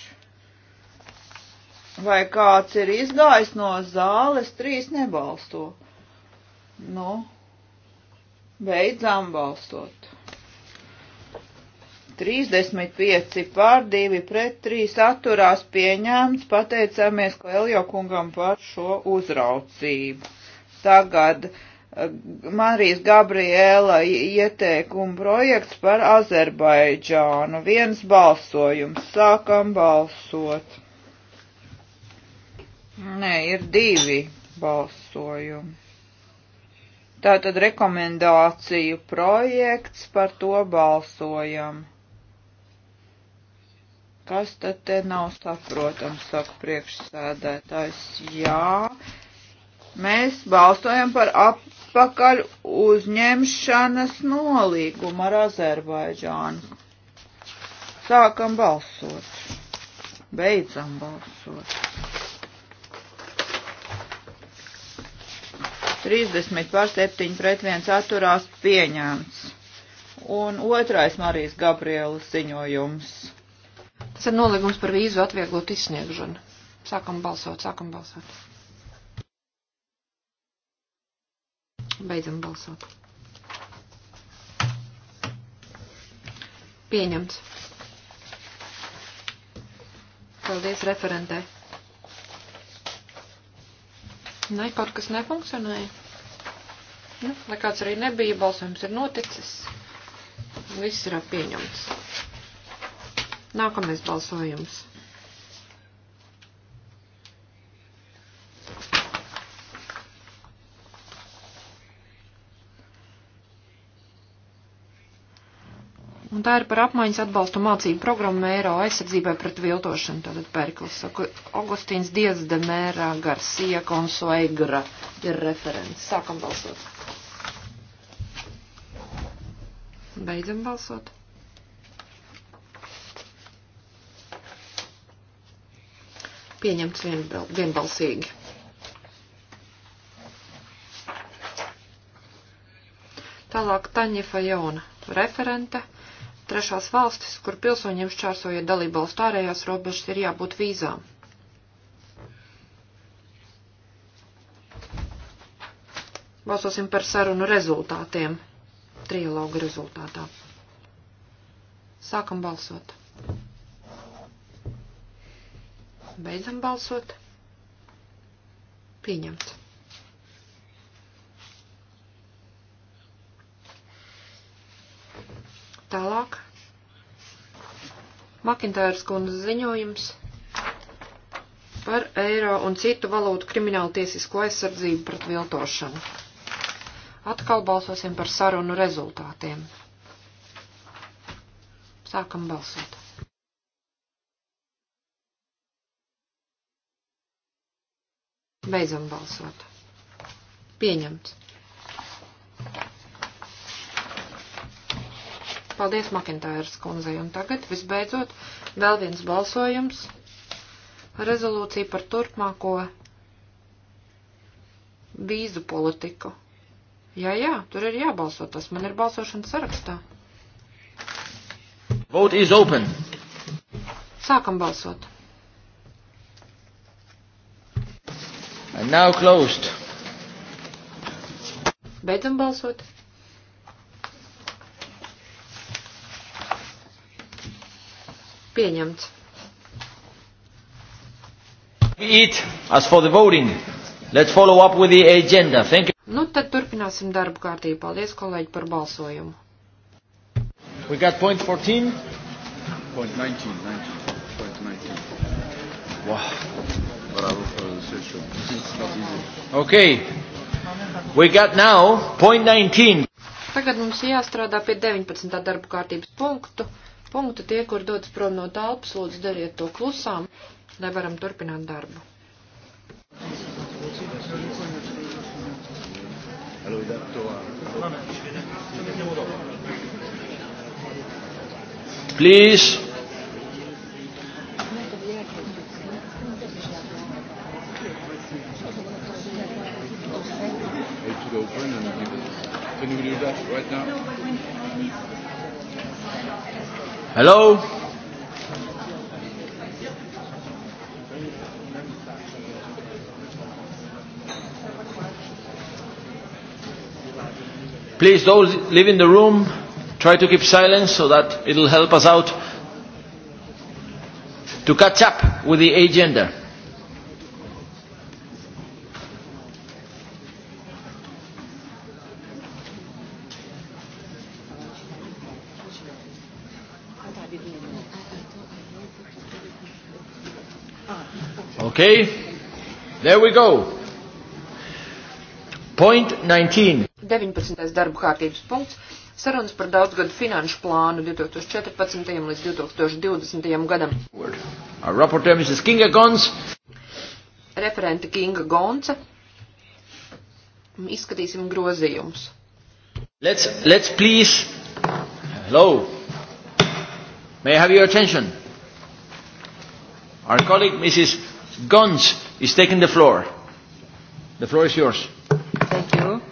Speaker 5: Vai kāds ir izgājis no zāles, trīs nebalsto. Nu, beidzām balsot. 35 pār 2 pret 3 atturās pieņēmts, pateicāmies Koeljo kungam par šo uzraucību. Tagad eh, Marijas Gabriela ieteikuma projekts par Azerbaidžānu. Viens balsojums. Sākam balsot. Nē, ir divi balsojumi. Tātad rekomendāciju projekts par to balsojam. Kas tad te nav saprotams, saka priekšsēdētājs. Jā, mēs balstojam par apakaļ uzņemšanas nolīgumu ar Azerbaidžānu. Sākam balsot. Beidzam balsot. 30 pār 7 pret 1 atturās pieņēmts. Un otrais Marijas Gabrielas ziņojums.
Speaker 6: Tas ir nolīgums par vīzu atvieglot izsniegšanu. Sākam balsot, sākam balsot. Beidzam balsot. Pieņemts. Paldies referentē. Nē, kaut kas nefunkcionēja. Nu, lai kāds arī nebija, balsojums ir noticis. Viss ir pieņemts. Nākamais balsojums. Un tā ir par apmaiņas atbalstu mācību programmu Eiro aizsardzībai pret viltošanu. Tātad Perklis saka, Augustīns Diez de Mērā Garcia Consuegra ir referents. Sākam balsot. Beidzam balsot. pieņemts vienbal, vienbalsīgi. Tālāk Taņa Fajona, referente. Trešās valstis, kur pilsoņiem šķērsoja dalībvalstu ārējās robežas, ir jābūt vīzām. Balsosim par sarunu rezultātiem, trialoga rezultātā. Sākam balsot. Beidzam balsot. Pieņemts. Tālāk. Makintāras kundzes ziņojums par eiro un citu valūtu kriminālu tiesisko aizsardzību pret viltošanu. Atkal balsosim par sarunu rezultātiem. Sākam balsot. Beidzam balsot. Pieņemts. Paldies Makintājas kundzei. Un tagad visbeidzot vēl viens balsojums. Rezolūcija par turpmāko vīzu politiku. Jā, jā, tur ir jābalso. Tas man ir balsošanas sarakstā.
Speaker 2: Vote is open.
Speaker 6: Sākam balsot.
Speaker 2: And now closed.
Speaker 6: Beidzam balsot. Pieņemts.
Speaker 2: It, as for the voting, let's follow up with the agenda. Thank you.
Speaker 6: Nu, tad turpināsim darbu kārtību. Paldies, kolēģi, par balsojumu.
Speaker 2: We got point 14. Point 19, 19. Point 19. Wow bravo for the session. Ok, we got now point 19.
Speaker 6: Tagad mums jāstrādā pie 19. darba kārtības punktu. Punktu tie, kur dodas prom no telpas, lūdzu dariet to klusām, lai varam turpināt darbu.
Speaker 3: Allora, dato a...
Speaker 2: Please.
Speaker 3: can we do that right now?
Speaker 2: Hello? Please, those leaving the room, try to keep silence so that it'll help us out to catch up with the agenda. Okay, there we go. Point 19.
Speaker 6: 19. darba kārtības punkts. Sarunas par daudzgadu finanšu plānu 2014. līdz 2020. gadam.
Speaker 2: Our rapporteur Mrs. Kinga Gons.
Speaker 6: Referente Kinga Gonca. Izskatīsim grozījumus.
Speaker 2: Let's, let's please. Hello. May I have your attention? Our colleague Mrs. Gons is taking the floor. The floor is yours.
Speaker 6: Thank you.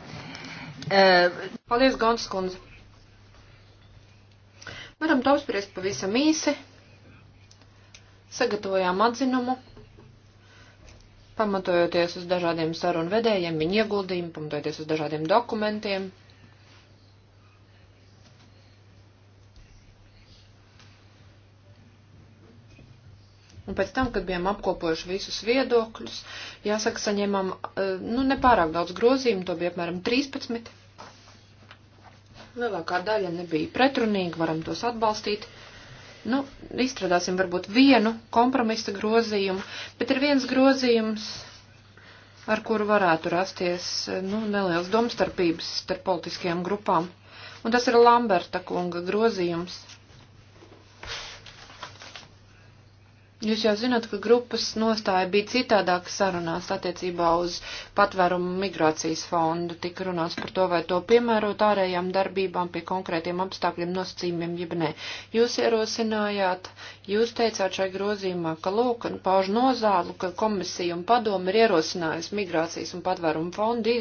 Speaker 6: Uh, Paldies, Gons kundze. Varam to apspriest pavisam īsi. Sagatavojām atzinumu, pamatojoties uz dažādiem sarunu vedējiem, viņu ieguldījumu, pamatojoties uz dažādiem dokumentiem. Un pēc tam, kad bijām apkopojuši visus viedokļus, jāsaka, saņēmām, eh, nu, nepārāk daudz grozījumu, to bija apmēram 13. Lielākā daļa nebija pretrunīga, varam tos atbalstīt. Nu, izstrādāsim varbūt vienu kompromisa grozījumu, bet ir viens grozījums, ar kuru varētu rasties, eh, nu, neliels domstarpības starp politiskajām grupām. Un tas ir Lamberta kunga grozījums Jūs jau zināt, ka grupas nostāja bija citādāka sarunās attiecībā uz patvērumu migrācijas fondu. Tika runāts par to, vai to piemērot ārējām darbībām pie konkrētiem apstākļiem nosacījumiem, jeb nē. Jūs ierosinājāt, jūs teicāt šai grozījumā, ka lūk, pauž nozālu, ka komisija un padomi ir ierosinājusi migrācijas un patvērumu fondu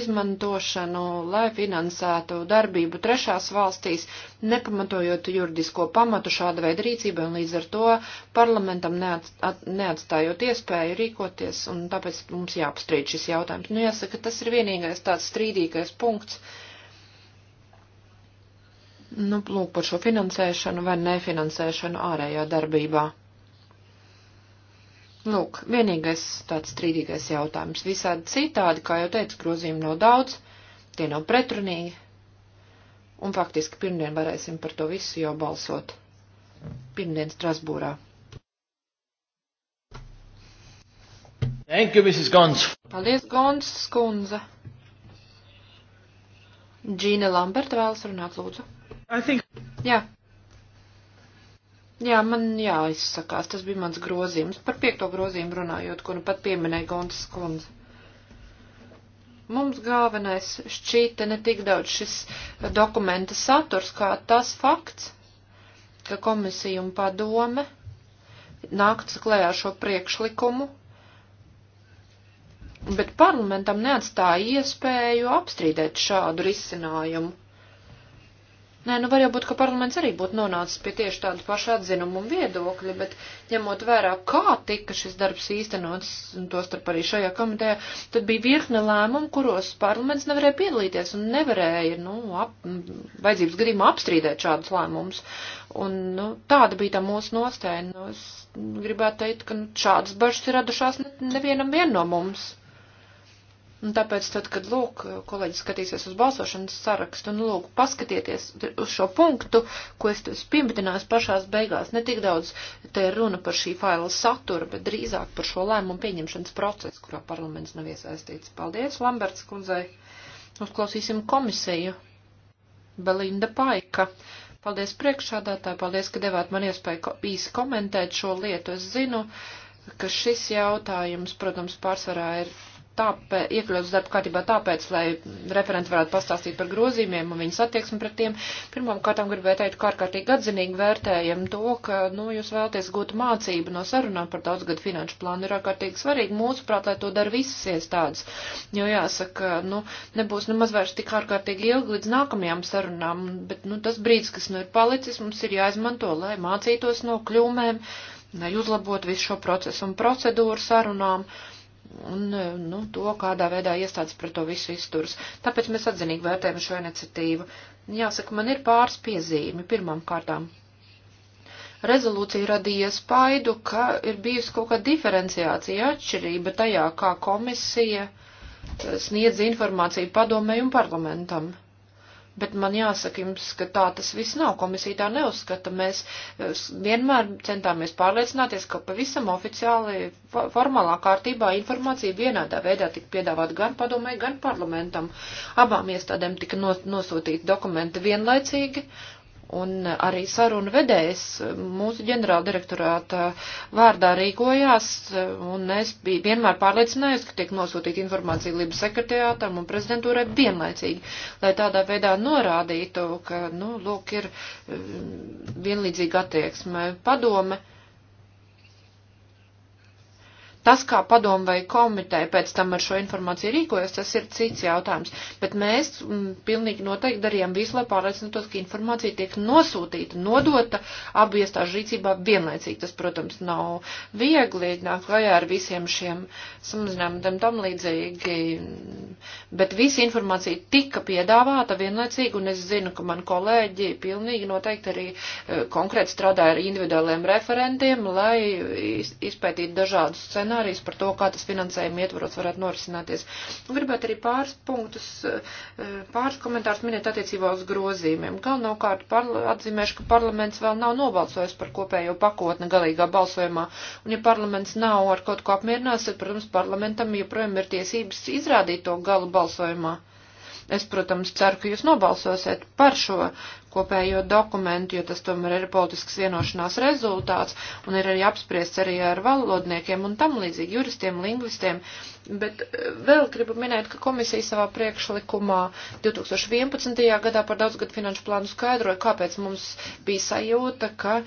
Speaker 6: izmantošanu, lai finansētu darbību trešās valstīs, nepamatojot juridisko pamatu šāda veida rīcībai un līdz ar to parlamentu parlamentam neats, at, neatstājot iespēju rīkoties, un tāpēc mums jāapstrīd šis jautājums. Nu, jāsaka, tas ir vienīgais tāds strīdīgais punkts. Nu, lūk, par šo finansēšanu vai nefinansēšanu ārējā darbībā. Lūk, vienīgais tāds strīdīgais jautājums. Visādi citādi, kā jau teicu, grozījumi nav daudz, tie nav pretrunīgi, un faktiski pirmdien varēsim par to visu jau balsot pirmdien Strasbūrā.
Speaker 4: Thank you, Mrs. Gons.
Speaker 2: Paldies,
Speaker 6: Gons skundze. Džīna Lamberta vēlas runāt, lūdzu. I think... Jā. Jā, man jāizsakās, tas bija mans grozījums. Par piekto grozījumu runājot, ko nu pat pieminēja Gons skundze. Mums galvenais šķīta ne tik daudz šis dokumenta saturs, kā tas fakts, ka komisija un padome nākts klējā šo priekšlikumu bet parlamentam neatstāja iespēju apstrīdēt šādu risinājumu. Nē, nu var jau būt, ka parlaments arī būtu nonācis pie tieši tādu pašu atzinumu un viedokļu, bet ņemot vērā, kā tika šis darbs īstenots, un tostarp arī šajā komitejā, tad bija virkne lēmumu, kuros parlaments nevarēja piedalīties un nevarēja, nu, ap, vajadzības gadījumā apstrīdēt šādus lēmumus. Un, nu, tāda bija tā mūsu nostēja. Nu, es gribētu teikt, ka nu, šādas bažas ir radušās nevienam vien no mums. Un nu, tāpēc tad, kad lūk, kolēģis skatīsies uz balsošanas sarakstu, un nu, lūk, paskatieties uz šo punktu, ko es piemitinās pašās beigās. Ne tik daudz te ir runa par šī faila saturu, bet drīzāk par šo lēmumu pieņemšanas procesu, kurā parlaments nav iesaistīts. Paldies, Lamberts kundzei. Uzklausīsim komisiju. Belinda Paika. Paldies priekšādātāji, paldies, ka devāt man iespēju īsi komentēt šo lietu. Es zinu, ka šis jautājums, protams, pārsvarā ir tāpē, iekļauts darba kārtībā tāpēc, lai referenti varētu pastāstīt par grozījumiem un viņas attieksmi pret tiem. Pirmām kārtām gribēju teikt, kā ārkārtīgi atzinīgi vērtējam to, ka, nu, jūs vēlaties gūt mācību no sarunām par daudzgadu finanšu plānu. Ir ārkārtīgi svarīgi mūsuprāt, lai to dara visas iestādes. Jo jāsaka, nu, nebūs nemaz vairs tik ārkārtīgi ilgi līdz nākamajām sarunām, bet, nu, tas brīdis, kas nu ir palicis, mums ir jāizmanto, lai mācītos no kļūmēm, lai uzlabotu visu šo procesu un procedūru sarunām. Uh, un e, nu, to, kādā veidā iestādes par to visu izturs. Tāpēc mēs atzinīgi vērtējam šo iniciatīvu. Jāsaka, man ir pāris piezīmi pirmām kārtām. Rezolūcija radīja spaidu, ka ir bijusi kaut kāda diferenciācija atšķirība tajā, kā komisija e, sniedz informāciju padomēju un parlamentam. Bet man jāsaka jums, ka tā tas viss nav. Komisija tā neuzskata. Mēs eh, vienmēr centāmies pārliecināties, ka pavisam oficiāli, formālā kārtībā informācija vienādā veidā tika piedāvāta gan padomē, gan parlamentam. Abām iestādēm tika nosūtīti dokumenti vienlaicīgi. Uh, Un arī sarunu vedējs mūsu ģenerāldirektorāta vārdā rīkojās, un es biju vienmēr pārliecinājusi, ka tiek nosūtīta informācija Libas sekretariātam un prezidentūrai vienlaicīgi, lai tādā veidā norādītu, ka, nu, lūk, ir mm, vienlīdzīga attieksme padome. Uh, Tas, kā padomu vai komiteja pēc tam ar šo informāciju rīkojas, tas ir cits jautājums. Bet mēs m, mm, pilnīgi noteikti darījām visu, lai pārliecinātos, ka informācija tiek nosūtīta, nodota abu iestāžu rīcībā vienlaicīgi. Tas, protams, nav viegli, nāk klajā ar visiem šiem samazinājumiem tam līdzīgi. Bet visa informācija tika piedāvāta vienlaicīgi, un es zinu, ka man kolēģi pilnīgi noteikti arī eh, konkrēti strādāja ar individuāliem referentiem, lai izpētītu dažādus scenārijus scenārijus par to, kā tas finansējuma ietvaros varētu norisināties. Gribētu arī pāris punktus, eh, pāris komentārus minēt attiecībā uz grozījumiem. Galvenokārt atzīmēšu, ka parlaments vēl nav nobalsojis par kopējo pakotni galīgā balsojumā, un ja parlaments nav ar kaut ko apmierināts, tad, protams, parlamentam joprojām ir tiesības izrādīt to galu balsojumā. Es, protams, ceru, ka jūs nobalsosiet par šo kopējo dokumentu, jo tas tomēr ir politisks vienošanās rezultāts un ir arī apspriests arī ar valodniekiem un tam līdzīgi juristiem, lingvistiem. Uh, Bet eh, vēl gribu minēt, ka komisija savā priekšlikumā 2011. gadā par daudzgadu finanšu plānu skaidroja, kāpēc mums bija sajūta, ka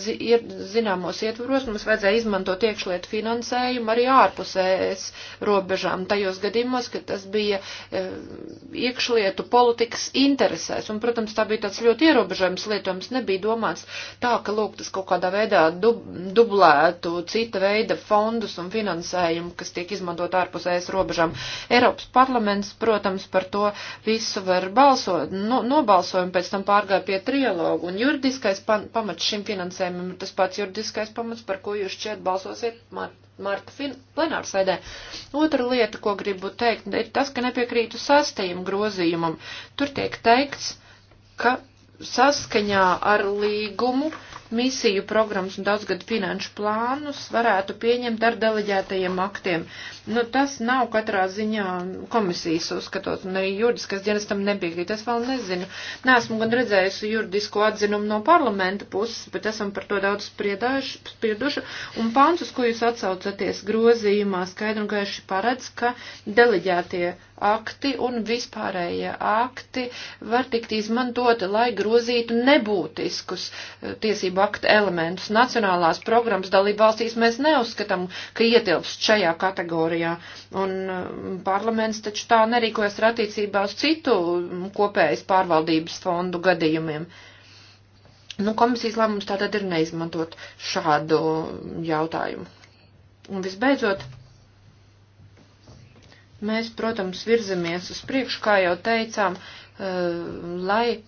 Speaker 6: zi ir zināmos ietvaros mums vajadzēja izmantot iekšlietu finansējumu arī ārpus ES robežām, tajos gadījumos, ka tas bija e, iekšlietu politikas interesēs. Un, protams, tā bija tāds ļoti ierobežojums lietojums, nebija domāts tā, ka, lūk, tas kaut kādā veidā dub dublētu cita veida fondus un finansējumu, kas tiek izmantot ārpus ārpus ES robežām. Eiropas parlaments, protams, par to visu var balsot, no, nobalsojumu pēc tam pārgāja pie trialogu, un juridiskais pamats šim finansējumam ir tas pats juridiskais pamats, par ko jūs šķiet balsosiet mart, marta plenāru sēdē. Otra lieta, ko gribu teikt, ir tas, ka nepiekrītu sastajam grozījumam. Tur tiek teikts, ka saskaņā ar līgumu misiju programmas un daudzgadu finanšu plānus varētu pieņemt ar deleģētajiem aktiem. Nu, tas nav katrā ziņā komisijas uzskatot, un arī juridiskais dienas tam nepiekrīt. Es vēl nezinu. Nesmu gan redzējusi juridisko atzinumu no parlamenta puses, bet esam par to daudz spriedāšu, sprieduši. Un pāns, uz ko jūs atsaucaties grozījumā, skaidri un gaiši paredz, ka deleģētie akti un vispārējie akti var tikt izmantoti, lai grozītu nebūtiskus eh, tiesību tiesību aktu elementus. Nacionālās programmas dalību valstīs mēs neuzskatām, ka ietilpst šajā kategorijā. Un um, parlaments taču tā nerīkojas ar attiecībā uz citu kopējas pārvaldības fondu gadījumiem. Nu, komisijas lēmums tātad ir neizmantot šādu jautājumu. Un visbeidzot, mēs, protams, virzamies uz priekšu, kā jau teicām, uh, lai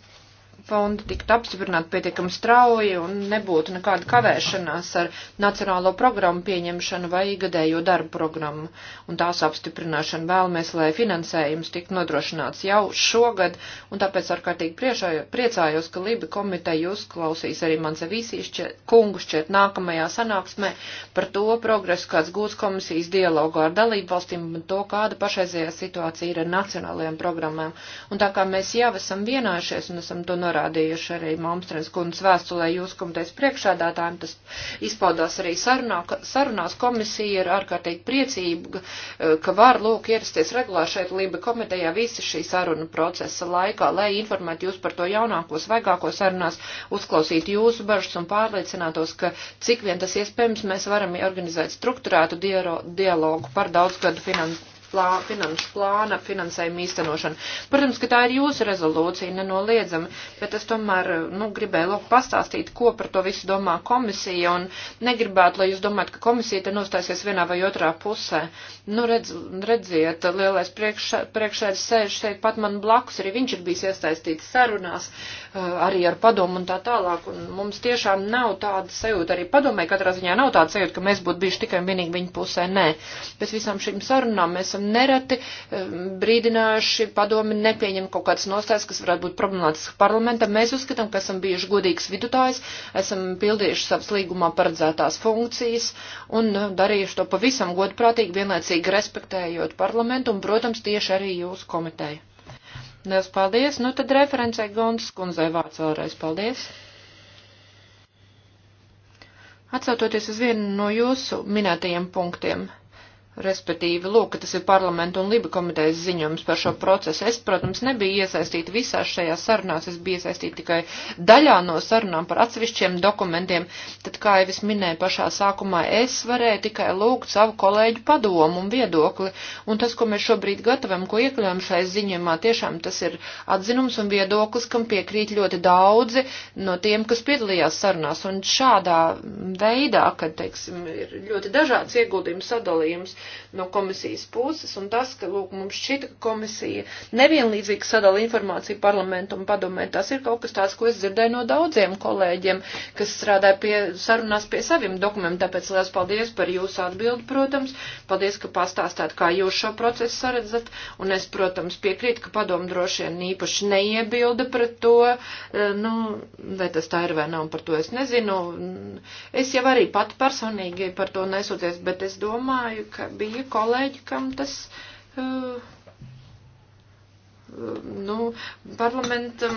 Speaker 6: fondu tiktu apstiprināti pietiekami strauji un nebūtu nekāda kavēšanās ar nacionālo programmu pieņemšanu vai gadējo darbu programmu un tās apstiprināšanu. Vēlamies, lai finansējums tiktu nodrošināts jau šogad, un tāpēc ārkārtīgi priecājos, ka Liba komiteja uzklausīs arī man sevīsīs kungu šķiet nākamajā sanāksmē par to progresu, kāds gūts komisijas dialogā ar dalību valstīm un to, kāda pašreizējā situācija ir ar nacionālajām programmām. Un tā kā mēs jau esam vienājušies un esam to norādījuši, norādījuši arī Malmstrēns kundas vēstulē jūs komitejas priekšādātājiem. Tas izpaudās arī sarunā, sarunās komisija ir ārkārtīgi priecība, eh, ka var lūk ierasties regulāri šeit Lība komitejā visi šī saruna procesa laikā, lai informētu jūs par to jaunāko, svaigāko sarunās, uzklausītu jūsu bažas un pārliecinātos, ka cik vien tas iespējams mēs varam organizēt struktūrētu dialogu par daudzgadu finansu plā, finanšu plāna finansējuma īstenošanu. Protams, ka tā ir jūsu rezolūcija, nenoliedzami, bet es tomēr, nu, gribēju lūk pastāstīt, ko par to visu domā komisija, un negribētu, lai jūs domājat, ka komisija te nostāsies vienā vai otrā pusē. Nu, redz, redziet, lielais priekšsēdis sēž šeit pat man blakus, arī viņš ir bijis iesaistīts sarunās, arī ar padomu un tā tālāk, un mums tiešām nav tāda sajūta, arī padomē katrā ziņā nav tāda sajūta, ka mēs būtu bijuši tikai un vienīgi viņa pusē, nē. Pēc visām šīm sarunām mēs esam nereti eh, brīdinājuši padomi nepieņem kaut kādas nostājas, kas varētu būt problemātiskas parlamentam. Mēs uzskatām, ka esam bijuši godīgs vidutājs, esam pildījuši savas līgumā paredzētās funkcijas un eh, darījuši to pavisam godprātīgi, vienlaicīgi respektējot parlamentu un, protams, tieši arī jūsu komiteju. Liels paldies! Nu tad referencē Gondas kundzei vārds vēlreiz paldies! Atsautoties uz vienu no jūsu minētajiem punktiem, Respektīvi, lūk, tas ir parlamentu un Liba komitejas ziņojums par šo procesu. Es, protams, nebiju iesaistīta visās šajās sarunās, es biju iesaistīta tikai daļā no sarunām par atsevišķiem dokumentiem. Tad, kā jau es minēju pašā sākumā, es varēju tikai lūgt savu kolēģu padomu un viedokli. Un tas, ko mēs šobrīd gatavam, ko iekļaujam šai ziņojumā, tiešām tas ir atzinums un viedoklis, kam piekrīt ļoti daudzi no tiem, kas piedalījās sarunās. Un šādā veidā, kad, teiksim, ir ļoti dažāds ieguldījums sadalījums, no komisijas puses, un tas, ka, lūk, mums šķita, ka komisija nevienlīdzīgi sadala informāciju parlamentu un padomē, tas ir kaut kas tāds, ko es dzirdēju no daudziem kolēģiem, kas strādāja pie sarunās pie saviem dokumentiem, tāpēc liels paldies par jūsu atbildi, protams, paldies, ka pastāstāt, kā jūs šo procesu saredzat, un es, protams, piekrītu, ka padomu droši vien īpaši neiebilda pret to, e, nu, vai tas tā ir vai nav, par to es nezinu. Es jau arī pat personīgi par to nesūties, bet es domāju, ka bija kolēģi, kam tas. Uh, nu, parlamentam,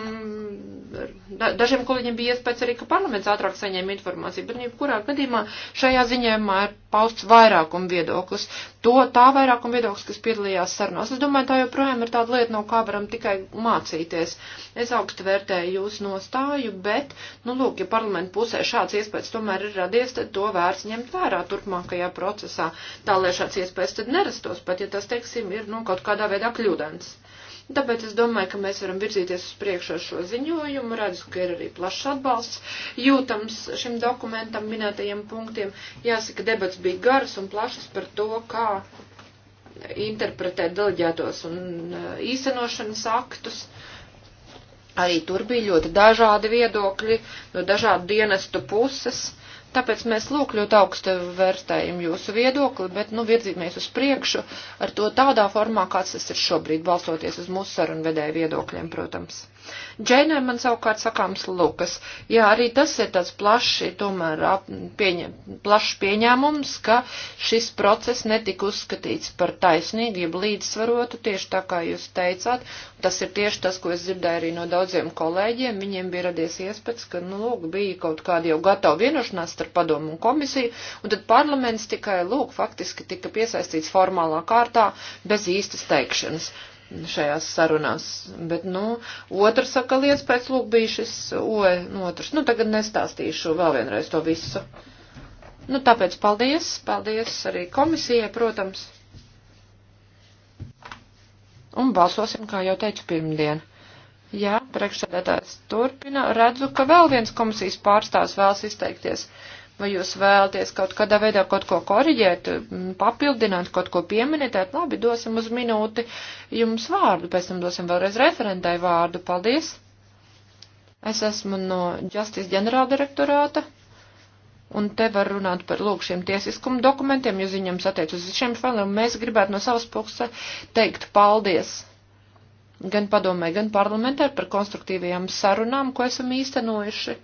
Speaker 6: da, dažiem kolēģiem bija iespējas arī, ka parlaments ātrāk saņēma informāciju, bet jebkurā gadījumā šajā ziņojumā ir pausts vairākuma viedoklis. To tā vairākuma viedoklis, kas piedalījās sarunās, es domāju, tā joprojām ir tāda lieta, no kā varam tikai mācīties. Es augstu vērtēju jūsu nostāju, bet, nu, lūk, ja parlamentu pusē šāds iespējas tomēr ir radies, tad to vērts ņemt vērā turpmākajā procesā. Tā, lai šāds iespējas tad nerastos, pat ja tas, teiksim, ir, nu, kaut kādā veidā kļūdens. Tāpēc es domāju, ka mēs varam virzīties uz priekšu ar šo ziņojumu. Redzu, ka ir arī plašs atbalsts jūtams šim dokumentam minētajiem punktiem. Jāsaka, debats bija garas un plašas par to, kā interpretēt deleģētos un uh, īstenošanas aktus. Arī tur bija ļoti dažādi viedokļi no dažādu dienestu puses Tāpēc mēs lūk ļoti augstu vērtējam jūsu viedokli, bet nu virzīmies uz priekšu ar to tādā formā, kāds tas ir šobrīd, balsoties uz mūsu sarunvedēju viedokļiem, protams. Džēnai man savukārt sakāms Lukas. Jā, arī tas ir tāds plaši, tomēr pieņem, plašs pieņēmums, ka šis process netika uzskatīts par taisnīgu, jeb līdzsvarotu, tieši tā kā jūs teicāt. Tas ir tieši tas, ko es dzirdēju arī no daudziem kolēģiem. Viņiem bija radies iespējas, ka, nu, lūk, bija kaut kāda jau gatava vienošanās starp padomu un komisiju, un tad parlaments tikai, lūk, faktiski tika piesaistīts formālā kārtā bez īstas teikšanas šajās sarunās. Bet, nu, otrs saka lietas pēc lūk bija šis oe, nu, otrs. Nu, tagad nestāstīšu vēl vienreiz to visu. Nu, tāpēc paldies, paldies arī komisijai, protams. Un balsosim, kā jau teicu, pirmdien. Jā, priekšsēdētājs turpina. Redzu, ka vēl viens komisijas pārstāvs vēlas izteikties vai jūs vēlaties kaut kādā veidā kaut ko koriģēt, papildināt, kaut ko pieminēt, labi, dosim uz minūti jums vārdu, pēc tam dosim vēlreiz referentai vārdu. Paldies! Es esmu no Justice ģenerāldirektorāta. Un te var runāt par lūk šiem tiesiskuma dokumentiem, jo ziņams attiec uz šiem failiem. Mēs gribētu no savas puses teikt paldies gan padomē, gan parlamentē par konstruktīvajām sarunām, ko esam īstenojuši.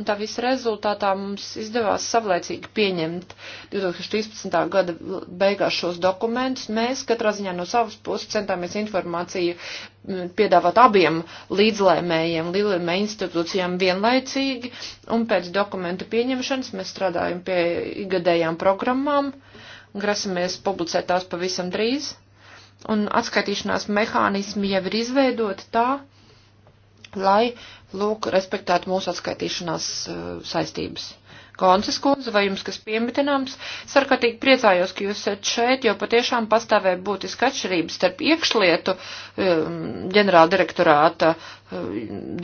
Speaker 6: Un tā visa rezultātā mums izdevās savlaicīgi pieņemt 2013. gada beigās šos dokumentus. Mēs katrā ziņā no savas puses centāmies informāciju mm, piedāvāt abiem līdzlēmējiem, līdzlēmēju institūcijām vienlaicīgi. Un pēc dokumentu pieņemšanas mēs strādājam pie igadējām programmām un grasamies publicēt tās pavisam drīz un atskaitīšanās mehānismi jau ir izveidoti tā, lai, lūk, respektētu mūsu atskaitīšanās uh, saistības. Gonsas kundze, vai jums kas piemitināms? Sarkatīgi priecājos, ka jūs esat šeit, jo patiešām pastāvē būtiska atšķirība starp iekšlietu um, ģenerāla direktorāta um,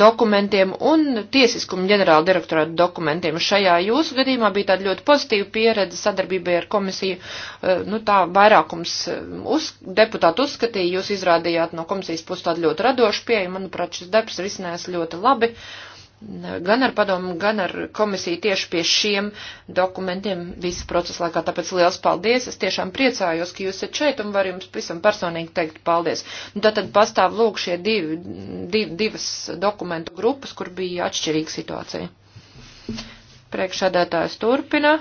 Speaker 6: dokumentiem un tiesiskumu ģenerāla direktorāta dokumentiem. Šajā jūsu gadījumā bija tāda ļoti pozitīva pieredze sadarbībai ar komisiju. Uh, nu, tā vairākums um, uz, deputātu uzskatīja, jūs izrādījāt no komisijas puses tādu ļoti radošu pieeju. Manuprāt, šis darbs risinājās ļoti labi. Uh, gan ar padomu, gan ar komisiju tieši pie šiem dokumentiem visu procesu laikā. Tāpēc liels paldies. Es tiešām priecājos, ka jūs esat šeit un varu jums visam personīgi teikt paldies. Nu, tad, tad pastāv lūk šie divi, div, divas dokumentu grupas, kur bija atšķirīga situācija. Priekšādētājs turpina.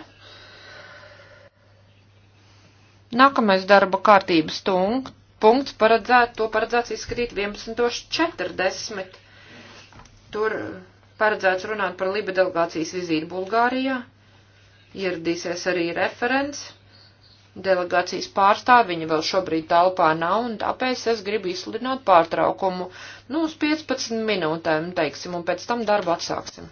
Speaker 6: Nākamais darba kārtības tunk, punkts paredzēt, to paredzēts izskatīt 11.40. Tur paredzēts runāt par Liba delegācijas vizīti Bulgārijā. Ieradīsies arī referents. Delegācijas pārstāvi viņa vēl šobrīd telpā nav, un tāpēc es gribu izsludināt pārtraukumu, nu, uz 15 minūtēm, teiksim, un pēc tam darbu atsāksim.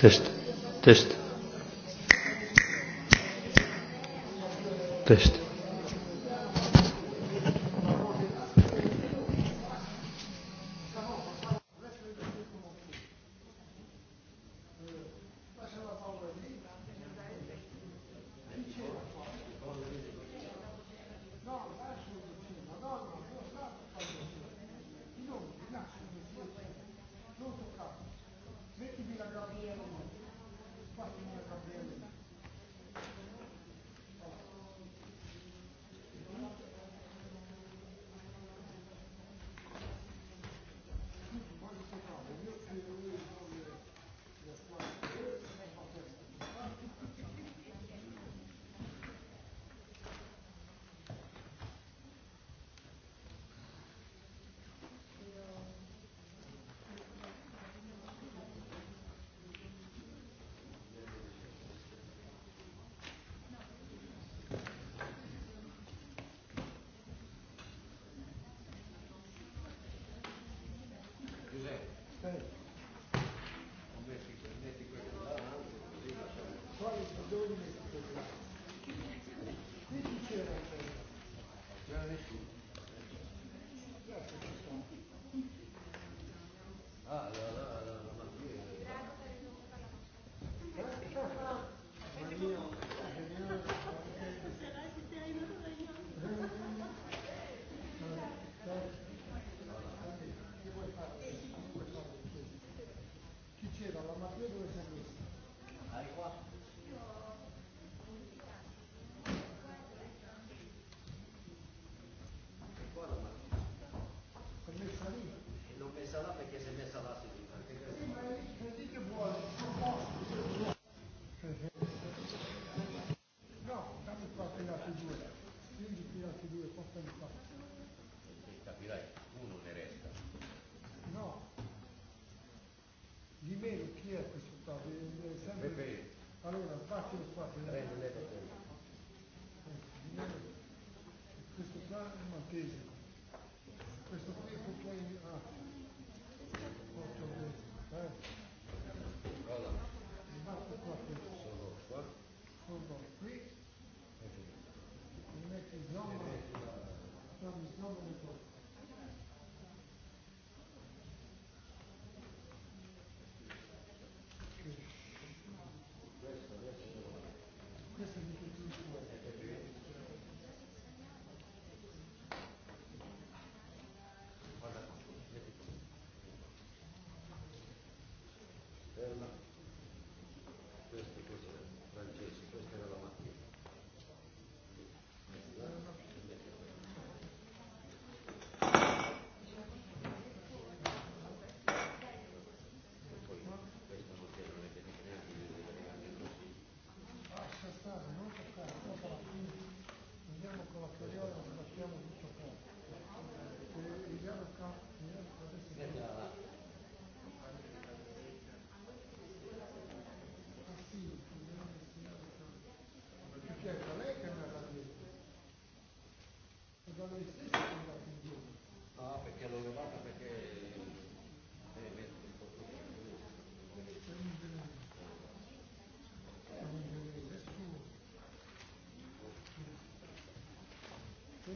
Speaker 3: Test. Test. Test.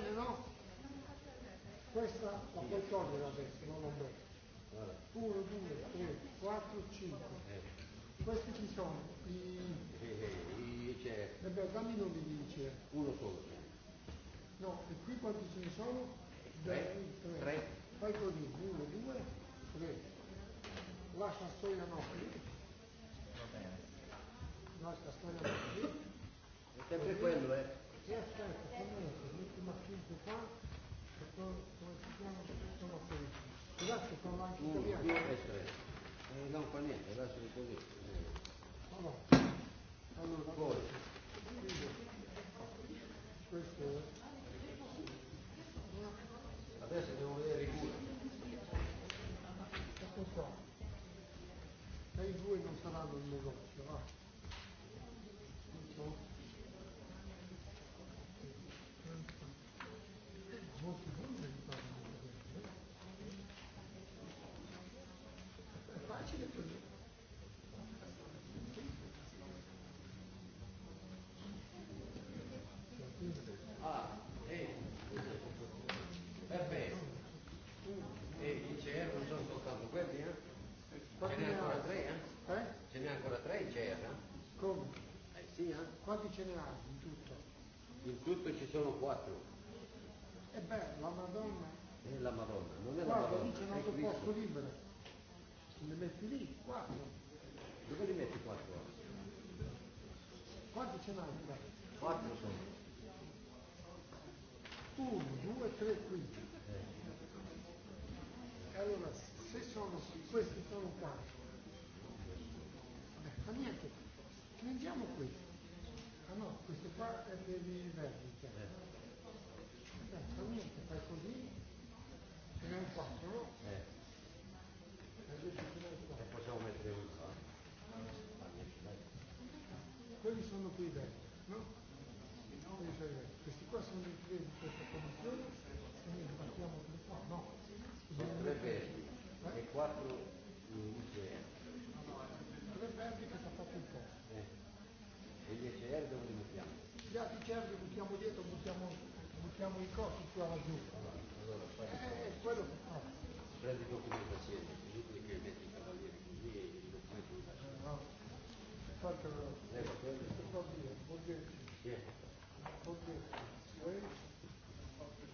Speaker 3: bene, no? Questa la puoi togliere adesso, non ho detto. 1, 2, 3, 4, 5. Questi chi sono? I... c'è. E beh, dammi i nomi di ICE. Uno solo c'è. No, e qui quanti ce ne sono? 3. 3. Fai così, 1, 2, 3. Lascia solo i nostri. 关键，人呢是个工具。generale, in tutto. In tutto ci sono quattro. E beh, la Madonna. È la Madonna, non è Guarda, la Madonna. Lì c'è un altro posto libero. Le metti lì, quattro. Dove li metti quattro? Quanti ce n'hai? Quattro sono. Uno, due, tre, quindici. Eh. E allora, se sono, questi sono quattro. Beh, fa niente, prendiamo questi. Questo qua è per i vertici. Eh. eh. Niente, fai così, ce n'è un 4, no? Eh. E possiamo mettere un qua. Eh. Quelli sono quei vertici, no? Quelli sono i vertici. Questi qua sono i tre di questa commissione e noi partiamo da qua, no? Sono tre vertici eh? e quattro UCR. Eh, tre vertici che fa fatto il po'. Eh. E gli UCR dove li piatti cervi buttiamo dietro, buttiamo, buttiamo i corpi qua laggiù. Allora, fai... eh, eh, quello che fa. Prendi i documenti assieme, così che metti i cavalieri così e i documenti li lasci. No, faccio quello. Eh, va bene. Va bene, va bene. Va bene.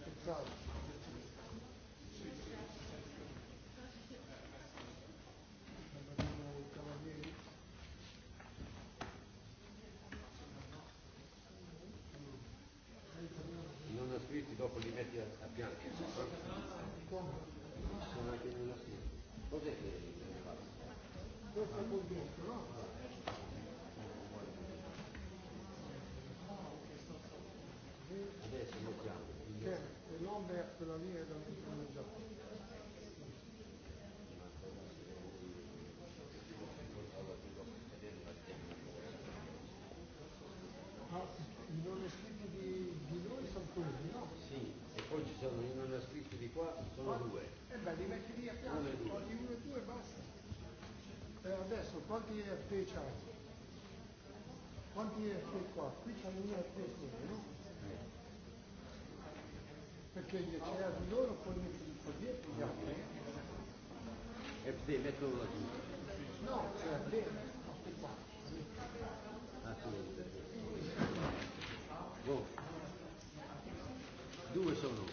Speaker 3: Pensate. dopo li metti a, a bianchi. Come? Non la chiedo la fine. Cos'è che ne fa? Questo è un dentro, no? Adesso lo chiamo. Certo, l'ombra è quella lì è da lì. qua sono oh, due. Eh beh, li metti lì a fianco, togli uno e due e basta. E adesso quanti EFT c'hai? Quanti EFT qua? Qui c'è un EFT solo, no? Perché gli c'era di loro poi mettono qua dietro gli altri. EFT, mettono la giù. No, c'è la dentro, questi qua. Ah, sì, Go. Due sono.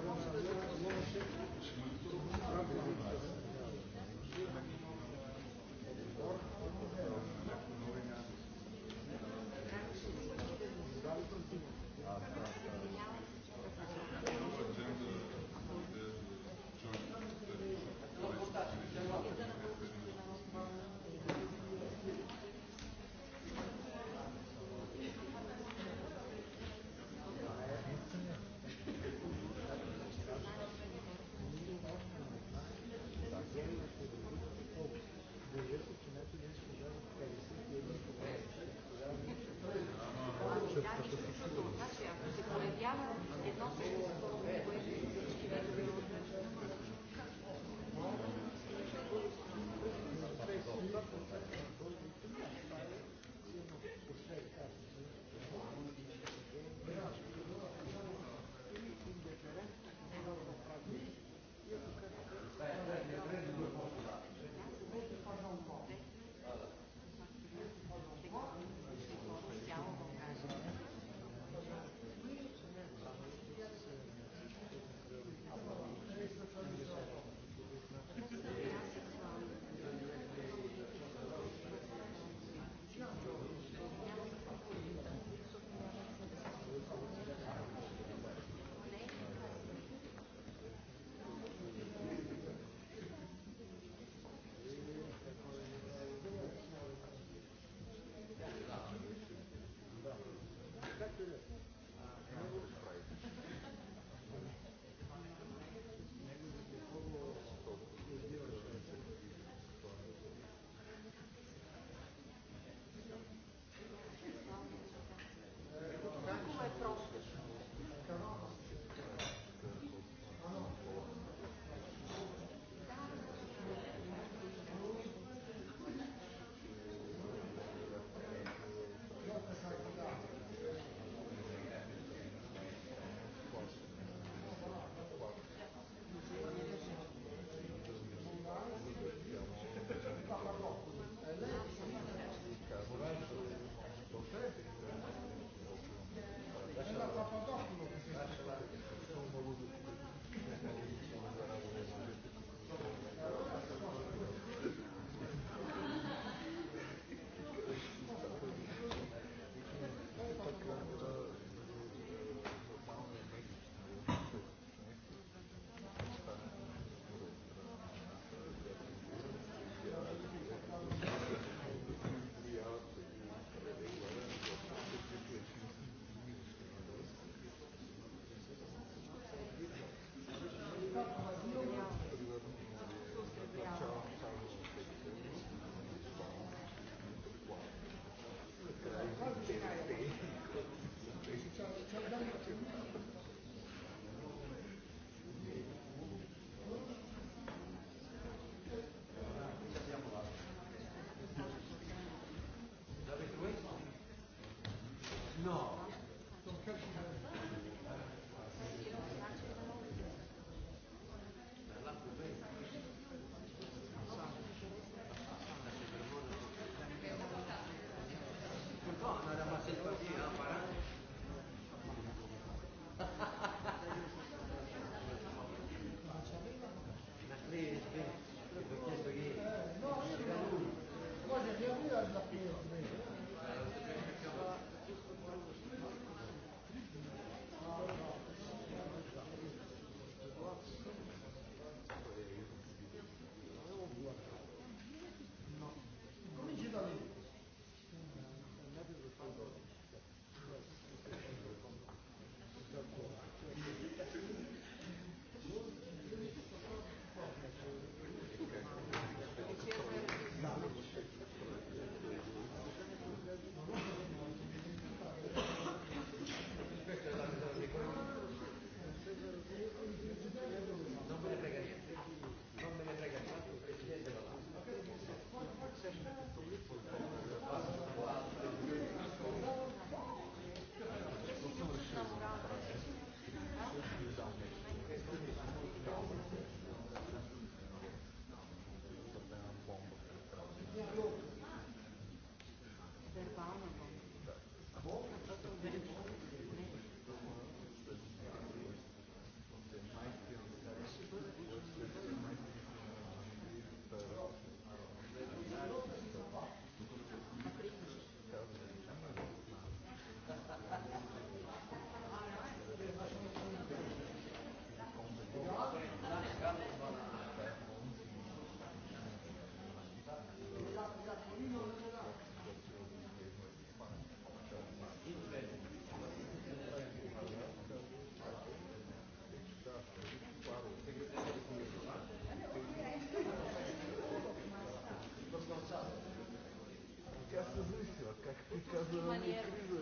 Speaker 3: как ты казала, не кривы.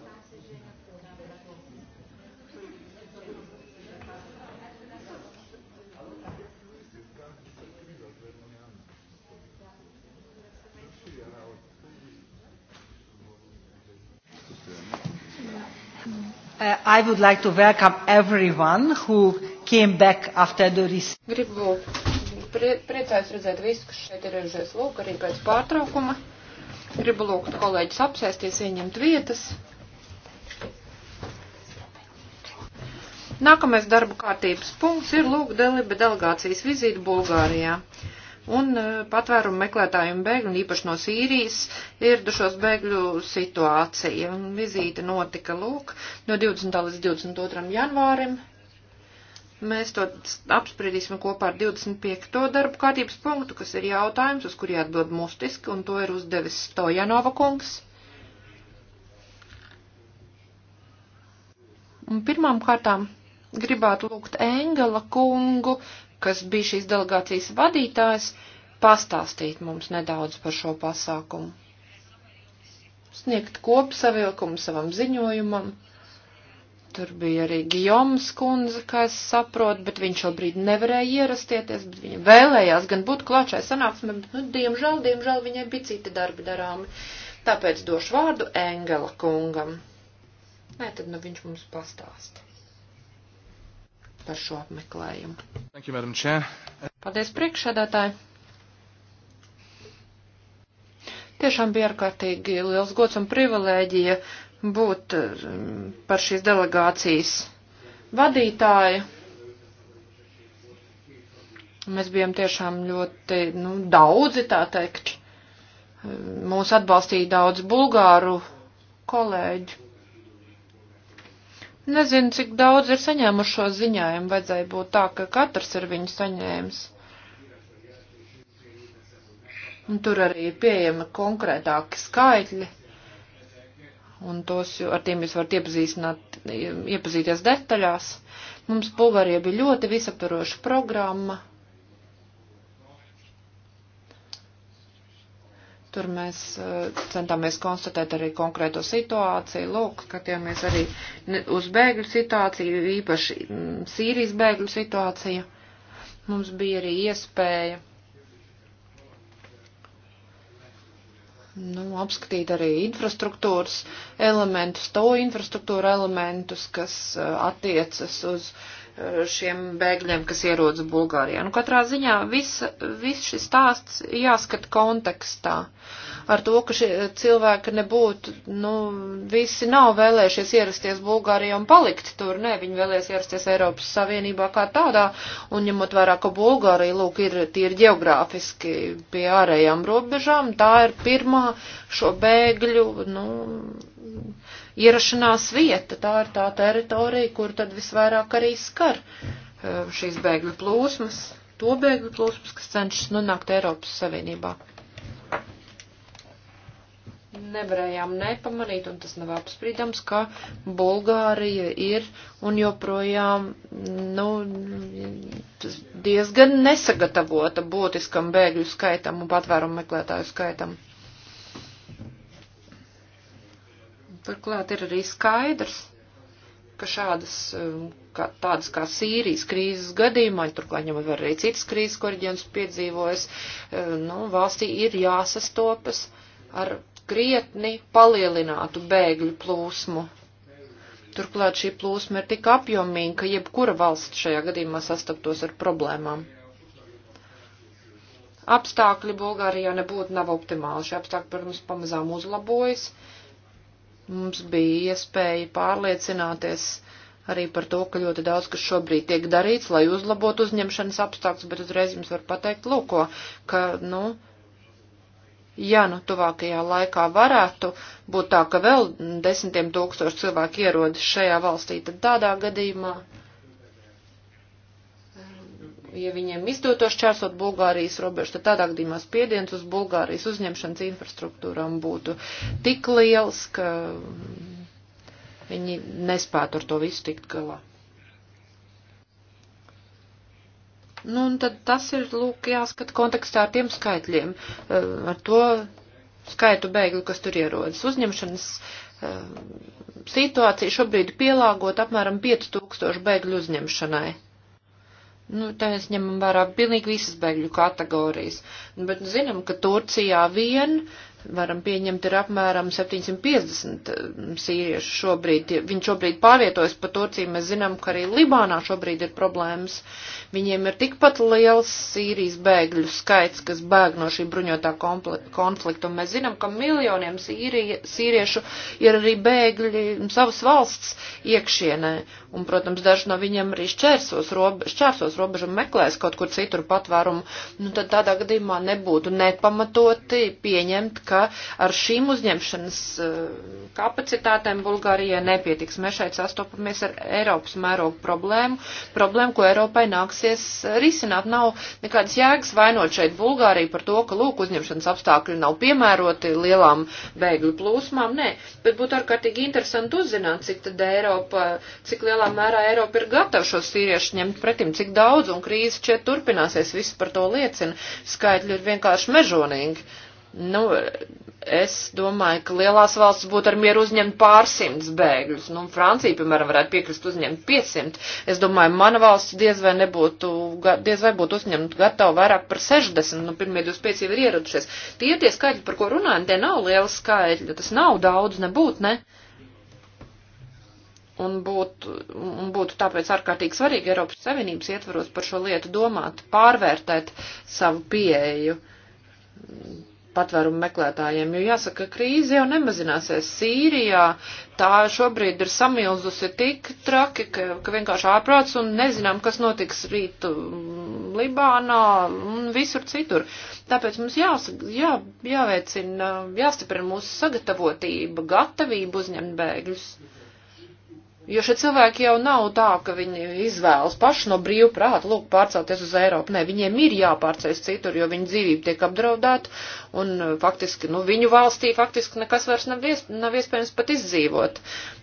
Speaker 4: Uh, I would like to welcome everyone
Speaker 5: who came back after the
Speaker 6: Gribu priecājos redzēt visus, kas šeit ir ieradušies lūk arī pēc pārtraukuma. Gribu lūgt kolēģis apsēsties, ieņemt vietas. Nākamais darba kārtības punkts ir lūk Deliba delegācijas vizīte Bulgārijā. Un e, patvērumu meklētāju un bēgļu, un īpaši no Sīrijas, ieradušos bēgļu situācija. Vizīte notika lūk no 20. līdz 22. janvārim Mēs to apspriedīsim kopā ar 25. darbu kārtības punktu, kas ir jautājums, uz kuru jāatbild mustiski, un to ir uzdevis Stojanova kungs. Un pirmām kārtām gribētu lūgt Engela kungu, kas bija šīs delegācijas vadītājs, pastāstīt mums nedaudz par šo pasākumu. Sniegt kopsavilkumu savam ziņojumam. Tur bija arī Gijoms kundze, kā es saprotu, bet viņš šobrīd nevarēja ierastieties, bet viņa vēlējās gan būt klāčai sanāksmē, bet, nu, diemžēl, diemžēl viņai bija citi darbi darāmi. Tāpēc došu vārdu Engela kungam. Nē, tad, nu, viņš mums pastāsta par šo apmeklējumu.
Speaker 1: Thank you, Madam Chair.
Speaker 6: Paldies, priekšsēdētāji. Tiešām bija ārkārtīgi liels gods un privilēģija būt um, par šīs delegācijas vadītāju. Mēs bijām tiešām ļoti nu, daudzi, tā teikt. Mūs atbalstīja daudz bulgāru kolēģi. Nezinu, cik daudz ir saņēmuši šo ziņojumu. Vajadzēja būt tā, ka katrs ir viņu saņēmis. Un tur arī pieejami konkrētāki skaitļi un tos, ar tiem jūs varat iepazīstināt, iepazīties detaļās. Mums Bulgārija bija ļoti visaptvaroša programma. Tur mēs eh, centāmies konstatēt arī konkrēto situāciju, lūk, skatījāmies arī uz bēgļu situāciju, īpaši mm, Sīrijas bēgļu situāciju. Mums bija arī iespēja nu, apskatīt arī infrastruktūras elementus, to infrastruktūra elementus, kas uh, attiecas uz uh, šiem bēgļiem, kas ierodas Bulgārijā. Nu, katrā ziņā viss vis šis stāsts jāskat kontekstā. Ar to, ka šie cilvēki nebūtu, nu, visi nav vēlējušies ierasties Bulgārijā un palikt tur, nē, viņi vēlēs ierasties Eiropas Savienībā kā tādā, un ņemot vērā, ka Bulgārija, lūk, ir tīri geogrāfiski pie ārējām robežām, tā ir pirmā šo bēgļu, nu, ierašanās vieta, tā ir tā teritorija, kur tad visvairāk arī skar e, šīs bēgļu plūsmas, to bēgļu plūsmas, kas cenšas nonākt Eiropas Savienībā. Nevarējām nepamanīt, un tas nav apsprīdams, ka Bulgārija ir un joprojām, nu, diezgan nesagatavota būtiskam bēgļu skaitam un patvērumu meklētāju skaitam. Turklāt ir arī skaidrs, ka šādas, um, kā, tādas kā Sīrijas krīzes gadījumā, turklāt ņemot var arī citas krīzes, ko reģions piedzīvojas, uh, nu, valstī ir jāsastopas ar krietni palielinātu bēgļu plūsmu. Turklāt šī plūsma ir tik apjomīga, ka jebkura valsts šajā gadījumā sastaptos ar problēmām. Apstākļi Bulgārijā nebūtu nav optimāli. Šie apstākļi, protams, pamazām uzlabojas. Uh, Mums bija iespēja pārliecināties arī par to, ka ļoti daudz, kas šobrīd tiek darīts, lai uzlabotu uzņemšanas apstākļus, bet uzreiz jums var pateikt, lūko, ka, nu, ja nu tuvākajā laikā varētu būt tā, ka vēl desmitiem tūkstoši cilvēku ierodas šajā valstī, tad tādā gadījumā. Uh, ja viņiem izdotos čērsot Bulgārijas robežu, tad tādā gadījumā spiediens uz Bulgārijas uzņemšanas infrastruktūram būtu tik liels, ka viņi nespētu ar to visu tikt galā. Nu, un tad tas ir, lūk, jāskat kontekstā ar tiem skaitļiem, eh, ar to skaitu bēgļu, kas tur ierodas. Uzņemšanas eh, situācija šobrīd pielāgot apmēram 5000 bēgļu uzņemšanai Nu, tā es ņemam vērā pilnīgi visas bēgļu kategorijas. Bet nu, zinām, ka Turcijā vien uh, varam pieņemt, ir apmēram 750 mm, sīriešu šobrīd. Viņi šobrīd pārvietojas pa Turciju. Mēs zinām, ka arī Libānā šobrīd ir problēmas. Viņiem ir tikpat liels Sīrijas bēgļu skaits, kas bēg no šī bruņotā konflikta. Un mēs zinām, ka miljoniem sīrie, sīriešu ir arī bēgļi savas valsts iekšienē. Un, protams, daži no viņiem arī šķērsos, robe, šķērsos robežu un meklēs kaut kur citur patvērumu. Nu, tad tādā gadījumā nebūtu nepamatoti pieņemt, ka ar šīm uzņemšanas eh, kapacitātēm Bulgārijai nepietiks. Mēs šeit sastopamies ar Eiropas mērogu problēmu, problēmu, ko Eiropai nāksies eh, risināt. Nav nekādas jēgas vainot šeit Bulgāriju par to, ka, lūk, uzņemšanas apstākļi nav piemēroti lielām bēgļu plūsmām. Nē, bet būtu ārkārtīgi interesanti uzzināt, cik tad Eiropa, cik lielā mērā Eiropa ir gatava šos sīriešus ņemt pretim, cik daudz, un krīze šķiet turpināsies, viss par to liecina. Skaitļi ir vienkārši mežonīgi. Nu, es domāju, ka lielās valsts būtu ar mieru uzņemt pārsimts bēgļus. Nu, Francija, piemēram, varētu piekrist uzņemt 500. Es domāju, mana valsts diez vai nebūtu, diez vai būtu uzņemt gatavu vairāk par 60. Nu, pirmie 25 jau ir ieradušies. Tie tie skaitļi, par ko runājam, tie nav lieli skaitļi. Tas nav daudz, nebūt, ne? Un būtu, un būtu tāpēc ārkārtīgi svarīgi Eiropas Savienības ietvaros par šo lietu domāt, pārvērtēt savu pieeju patvērumu meklētājiem, jo jāsaka, krīze jau nemazināsies Sīrijā, tā šobrīd ir samilzusi tik traki, ka, ka vienkārši ārprāts un nezinām, kas notiks rīt mm, Libānā un visur citur. Tāpēc mums jāsaka, jā, jāveicina, jāstiprina mūsu sagatavotība, gatavība uzņemt bēgļus. Mm -hmm. Jo šie cilvēki jau nav tā, ka viņi izvēlas paši no brīvu prātu, lūk, pārcelties uz Eiropu. Nē, viņiem ir jāpārceļas citur, jo viņu dzīvība tiek apdraudēta un uh, faktiski, nu, viņu valstī faktiski nekas vairs nav, ies, nav iespējams pat izdzīvot.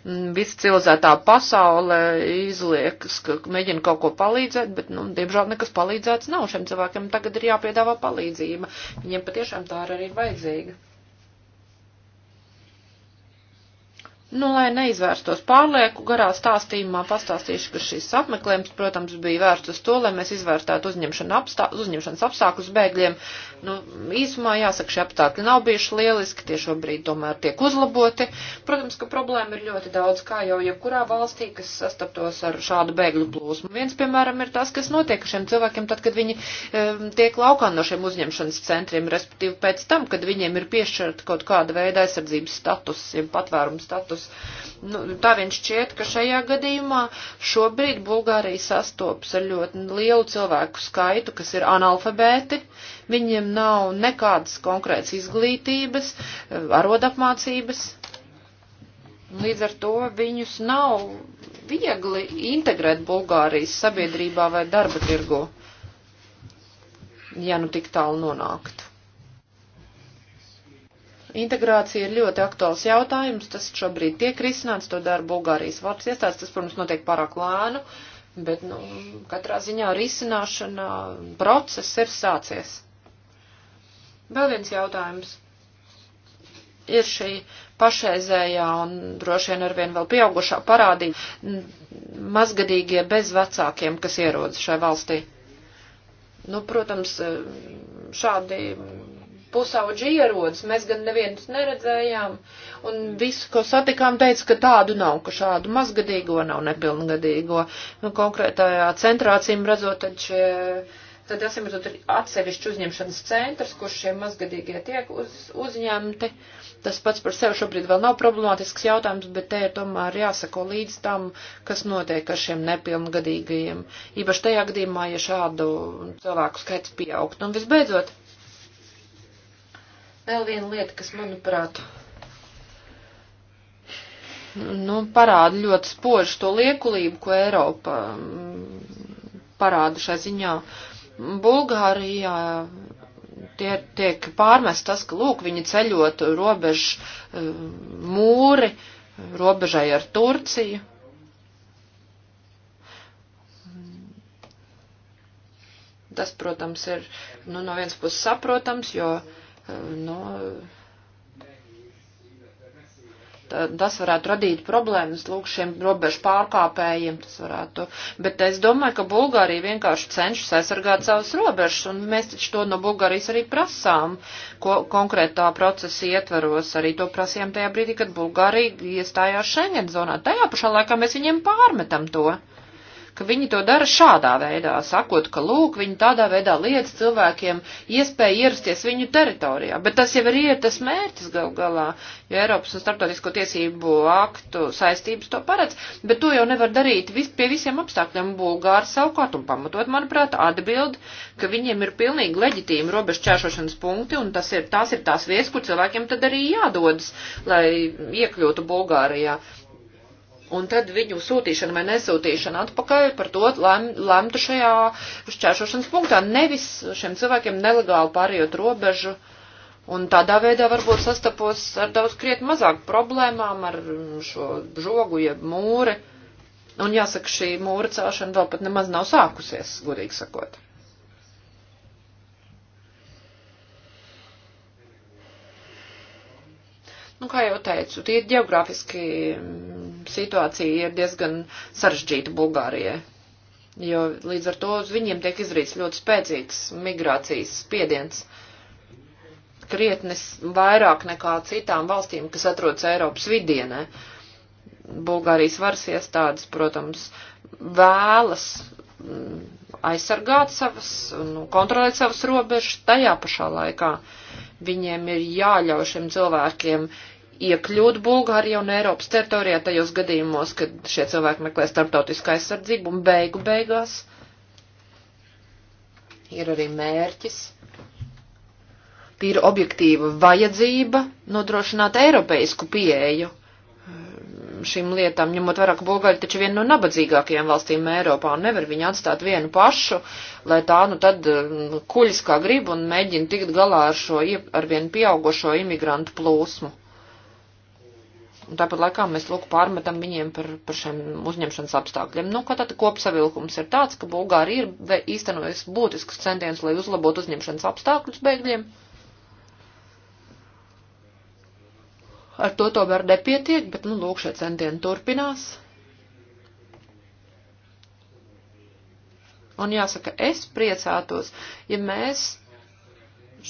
Speaker 6: Mm, visa civilizētā pasaule izliekas, ka mēģina kaut ko palīdzēt, bet, nu, diemžēl nekas palīdzēts nav. Šiem cilvēkiem tagad ir jāpiedāvā palīdzība. Viņiem patiešām tā arī ir vajadzīga. Nu, lai neizvērstos pārlieku garā stāstījumā, pastāstīšu, ka šis apmeklējums, protams, bija vērsts uz to, lai mēs izvērtētu uzņemšanu apstā, uzņemšanas apstākļus bēgļiem, Nu, īsumā jāsaka, šie apstākļi nav bijuši lieliski, tie šobrīd tomēr tiek uzlaboti. Protams, ka problēma ir ļoti daudz, kā jau jebkurā valstī, kas sastaptos ar šādu bēgļu plūsmu. Viens, piemēram, ir tas, kas notiek ar šiem cilvēkiem tad, kad viņi um, tiek laukā no šiem uzņemšanas centriem, respektīvi pēc tam, kad viņiem ir piešķirta kaut kāda veida aizsardzības status, ja patvērums status. Nu, tā viņš šķiet, ka šajā gadījumā šobrīd Bulgārija sastopas ar ļoti lielu cilvēku skaitu, kas ir analfabēti, Viņiem nav nekādas konkrētas izglītības, arodapmācības. Līdz ar to viņus nav viegli integrēt Bulgārijas sabiedrībā vai darba tirgu, ja nu tik tālu nonāktu. Integrācija ir ļoti aktuāls jautājums, tas šobrīd tiek risināts, to dara Bulgārijas valsts iestādes, tas, protams, notiek pārāk lēnu, bet, nu, katrā ziņā risināšana process ir sācies. Vēl viens jautājums. Ir šī pašreizējā un droši vien arvien vēl pieaugušā parādība mazgadīgie bez vecākiem, kas ierodas šai valstī. Nu, protams, šādi pusauģi ierodas, mēs gan nevienus neredzējām, un visu, ko satikām, teica, ka tādu nav, ka šādu mazgadīgo nav nepilngadīgo. Nu, konkrētajā centrācīm redzot, tad šie. Še Tad esam tur atsevišķi uzņemšanas centrs, kur šie mazgadīgie tiek uz, uzņemti. Tas pats par sevi šobrīd vēl nav problemātisks jautājums, bet te ir tomēr jāsako līdz tam, kas notiek ar šiem nepilngadīgajiem. Īpaši tajā gadījumā, ja šādu cilvēku skaits pieaugt. Un visbeidzot, vēl viena lieta, kas manuprāt nu, parāda ļoti spožu to liekulību, ko Eiropa mm, parāda šai ziņā. Bulgārijā tie, tiek pārmest tas, ka, lūk, viņi ceļot robežu eh, mūri robežai ar Turciju. Tas, protams, ir, nu, no vienas puses saprotams, jo, nu, tas varētu radīt problēmas lūk šiem robežu pārkāpējiem, tas varētu. Bet es domāju, ka Bulgārija vienkārši cenšas aizsargāt savas robežas, un mēs taču to no Bulgārijas arī prasām, ko konkrētā procesa ietveros. Arī to prasījām tajā brīdī, kad Bulgārija iestājās Schengen zonā. Tajā pašā laikā mēs viņiem pārmetam to ka viņi to dara šādā veidā, sakot, ka lūk, viņi tādā veidā liedz cilvēkiem iespēju ierasties viņu teritorijā. Bet tas jau arī ir tas mērķis gal galā, jo Eiropas un starptautisko tiesību aktu saistības to paredz, bet to jau nevar darīt vis, pie visiem apstākļiem. Bulgāri savukārt un pamatot, manuprāt, atbild, ka viņiem ir pilnīgi leģitīmi robežu čēšošanas punkti, un tas ir, tās ir tās vietas, kur cilvēkiem tad arī jādodas, lai iekļūtu Bulgārijā. Uh, Un tad viņu sūtīšana vai nesūtīšana atpakaļ par to lem, lemtu šajā šķēršošanas punktā. Nevis šiem cilvēkiem nelegāli pārējot robežu. Un tādā veidā varbūt sastapos ar daudz krietni mazāk problēmām ar šo žogu, jeb mūri. Un jāsaka, šī mūra celšana vēl pat nemaz nav sākusies, godīgi sakot. Nu, kā jau teicu, tie geogrāfiski mm, situācija ir diezgan sarežģīta Bulgārijai, jo līdz ar to uz viņiem tiek izrīts ļoti spēcīgs migrācijas spiediens, krietnes vairāk nekā citām valstīm, kas atrodas Eiropas vidienē. Bulgārijas varas iestādes, protams, vēlas mm, aizsargāt savas, nu, kontrolēt savas robežas tajā pašā laikā. Viņiem ir jāļauj šiem cilvēkiem iekļūt Bulgārija un Eiropas teritorijā tajos gadījumos, kad šie cilvēki meklē starptautisku aizsardzību un beigu beigās ir arī mērķis tīra objektīva vajadzība nodrošināt eiropeisku pieeju šīm lietām, ņemot vairāk Bulgāriju, taču viena no nabadzīgākajām valstīm Eiropā, un nevar viņu atstāt vienu pašu, lai tā nu tad mm, kuļas kā grib un mēģina tikt galā ar šo ar vienu pieaugošo imigrantu plūsmu. Un tāpat laikā mēs lūk pārmetam viņiem par, par šiem uzņemšanas apstākļiem. Nu, kā tad kopsavilkums ir tāds, ka Bulgārija ir īstenojusi būtisks centiens, lai uzlabotu uzņemšanas apstākļus bēgļiem. Ar to to var nepietiek, bet, nu, lūk, šie centieni turpinās. Un jāsaka, es priecātos, ja mēs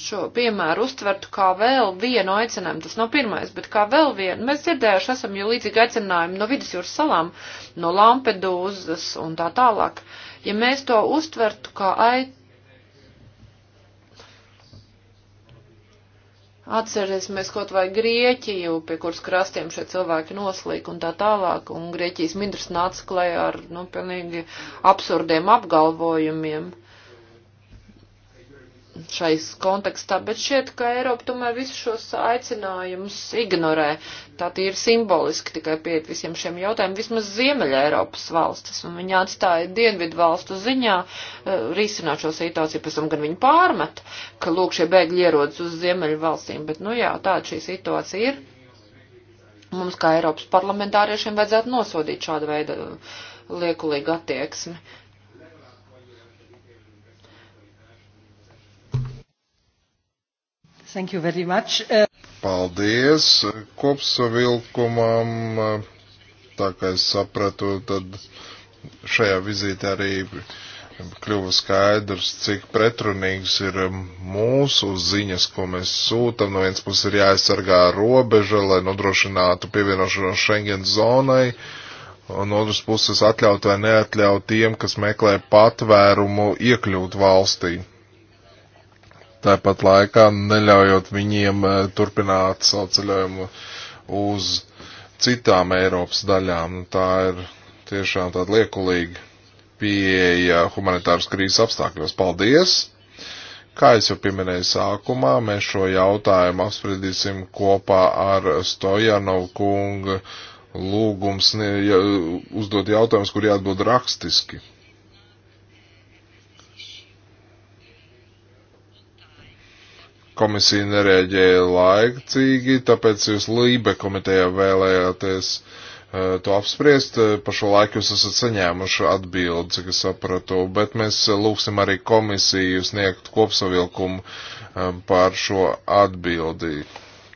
Speaker 6: šo piemēru uztvertu kā vēl vienu aicinājumu. Tas nav pirmais, bet kā vēl vienu. Mēs dzirdējuši esam jau līdzīgi aicinājumi no vidusjūras salām, no Lampedūzas un tā tālāk. Ja mēs to uztvertu kā aicinājumu, Atcerēsimies kaut vai Grieķiju, pie kuras krastiem šie cilvēki noslīk un tā tālāk, un Grieķijas ministrs nāca klajā ar, nu, pilnīgi absurdiem apgalvojumiem šais kontekstā, bet šķiet, ka Eiropa tomēr visus šos aicinājumus ignorē. Tā ir simboliski tikai pieiet visiem šiem jautājumiem, vismaz Ziemeļa Eiropas valstis, un viņi atstāja Dienvidu valstu ziņā uh, risināt šo situāciju, pēc tam gan viņi pārmet, ka lūk šie bēgļi ierodas uz Ziemeļu valstīm, bet nu jā, tāda šī situācija ir. Mums kā Eiropas parlamentāriešiem vajadzētu nosodīt šādu veidu liekulīgu attieksmi. Uh,
Speaker 4: Thank you very much.
Speaker 1: Paldies kopsavilkumam. Tā kā es sapratu, tad šajā vizītē arī kļuva skaidrs, cik pretrunīgs ir mūsu ziņas, ko mēs sūtam. No vienas puses ir jāaizsargā robeža, lai nodrošinātu pievienošanos Schengen zonai, un no otras puses atļaut vai neatļaut tiem, kas meklē patvērumu, iekļūt valstī tāpat laikā neļaujot viņiem eh, turpināt savu ceļojumu uz citām Eiropas daļām. Nu, tā ir tiešām tāda liekulīga pieeja humanitāras krīzes apstākļos. Paldies! Kā es jau pieminēju sākumā, mēs šo jautājumu apspriedīsim kopā ar Stojanovu kungu lūgums uzdot jautājumus, kur jāatbild rakstiski. komisija nereaģēja laikcīgi, tāpēc jūs Lībe komitejā vēlējāties uh, to apspriest. Par šo laiku jūs esat saņēmuši atbildi, cik es sapratu, bet mēs lūgsim arī komisiju sniegt kopsavilkumu uh, par šo atbildi.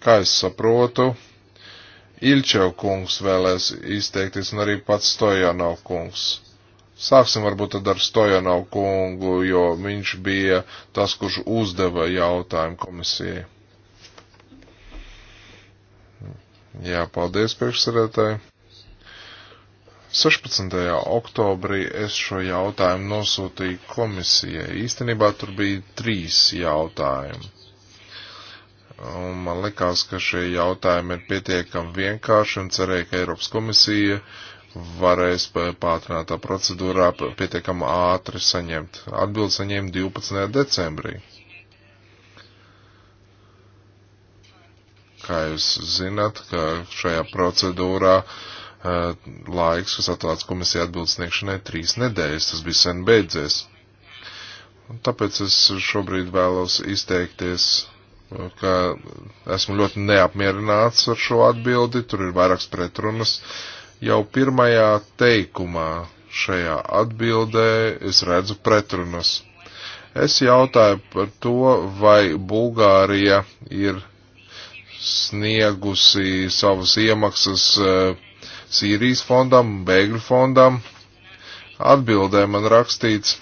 Speaker 1: Kā es saprotu, Ilčev kungs vēlēs izteikties un arī pats Stojanov kungs. Sāksim varbūt tad ar Stojanov kungu, jo viņš bija tas, kurš uzdeva jautājumu komisijai. Jā, paldies priekšsarētāji. 16. oktobrī es šo jautājumu nosūtīju komisijai. Īstenībā tur bija trīs jautājumi. Un man likās, ka šie jautājumi ir pietiekami vienkārši un cerēju, ka Eiropas komisija uh, varēs pātrinātā procedūrā pietiekam ātri saņemt. Atbildi saņēma 12. decembrī. Kā jūs zinat, ka šajā procedūrā uh, laiks, kas atvēlēts komisija atbildes sniegšanai, trīs nedēļas, tas bija sen beidzies. Un tāpēc es šobrīd vēlos izteikties e, ka esmu ļoti neapmierināts ar šo atbildi, tur ir vairākas pretrunas. Uh, Jau pirmajā teikumā šajā atbildē es redzu pretrunas. Es jautāju par to, vai Bulgārija ir sniegusi savas iemaksas eh, Sīrijas fondam, Bēgļu fondam. Atbildē man rakstīts,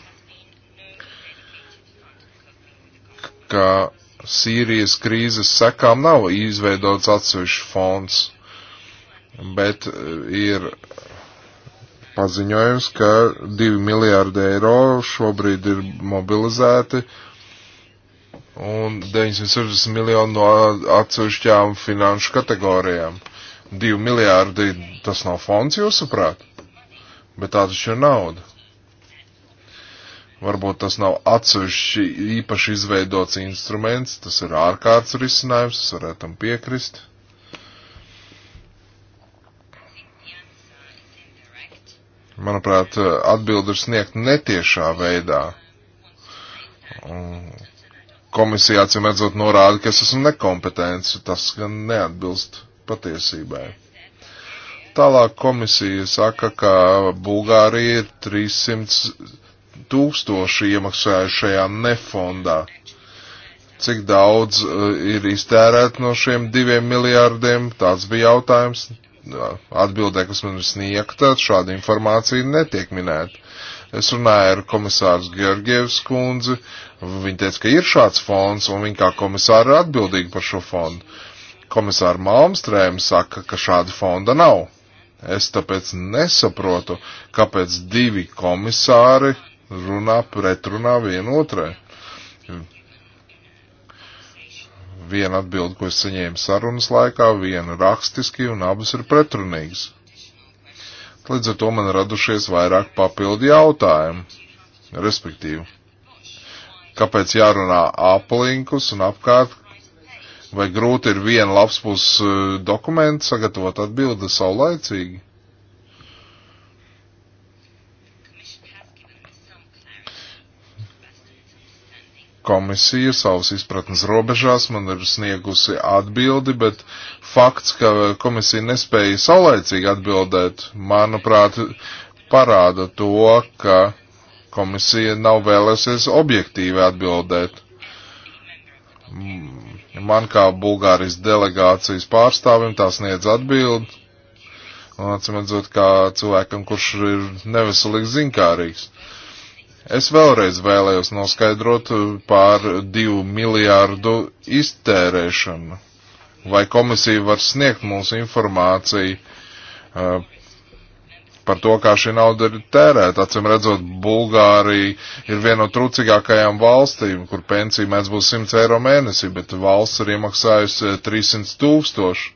Speaker 1: ka Sīrijas krīzes sekām nav izveidots atsevišķs fonds bet e, ir paziņojums, ka 2 miljārdi eiro šobrīd ir mobilizēti un 960 miljoni no atsevišķām finanšu kategorijām. 2 miljārdi tas nav fonds jūsuprāt, bet tā taču ir nauda. Varbūt tas nav atsevišķi īpaši izveidots instruments, tas ir ārkārtas risinājums, es varētu tam piekrist. Manuprāt, atbildi ir sniegt netiešā veidā. Komisija acīm redzot norāda, ka es esmu nekompetents, tas gan neatbilst patiesībai. Tālāk komisija saka, ka Bulgārija ir 300 tūkstoši iemaksājušajā nefondā cik daudz uh, ir iztērēt no šiem diviem miljārdiem, tāds bija jautājums atbildē, kas man ir sniegta, šāda informācija netiek minēta. Es runāju ar komisārs Georgievs kundzi, viņa teica, ka ir šāds fonds, un viņa kā komisāra ir atbildīga par šo fondu. Komisāra Malmstrēma saka, ka šāda fonda nav. Es tāpēc nesaprotu, kāpēc divi komisāri runā pretrunā vienotrai viena atbilde, ko es saņēmu sarunas laikā, viena rakstiski un abas ir pretrunīgas. Līdz ar to man radušies vairāk papildu jautājumu, respektīvi, kāpēc jārunā aplinkus un apkārt, vai grūti ir viena labspus eh, dokumentu sagatavot atbildi saulaicīgi? komisija savas izpratnes robežās man ir sniegusi atbildi, bet fakts, ka komisija nespēja saulēcīgi atbildēt, manuprāt, parāda to, ka komisija nav vēlēsies objektīvi atbildēt. Man kā Bulgārijas delegācijas pārstāvim tās sniedz atbildi, un atsimedzot kā cilvēkam, kurš ir neveselīgi zinkārīgs. Es vēlreiz vēlējos noskaidrot pār divu miljārdu iztērēšanu. Vai komisija var sniegt mums informāciju uh, par to, kā šī nauda ir tērēta. Acim redzot, Bulgārija ir viena no trūcīgākajām valstīm, kur pensija mēdz būs 100 eiro mēnesī, bet valsts ir iemaksājusi 300 eh, tūkstoši,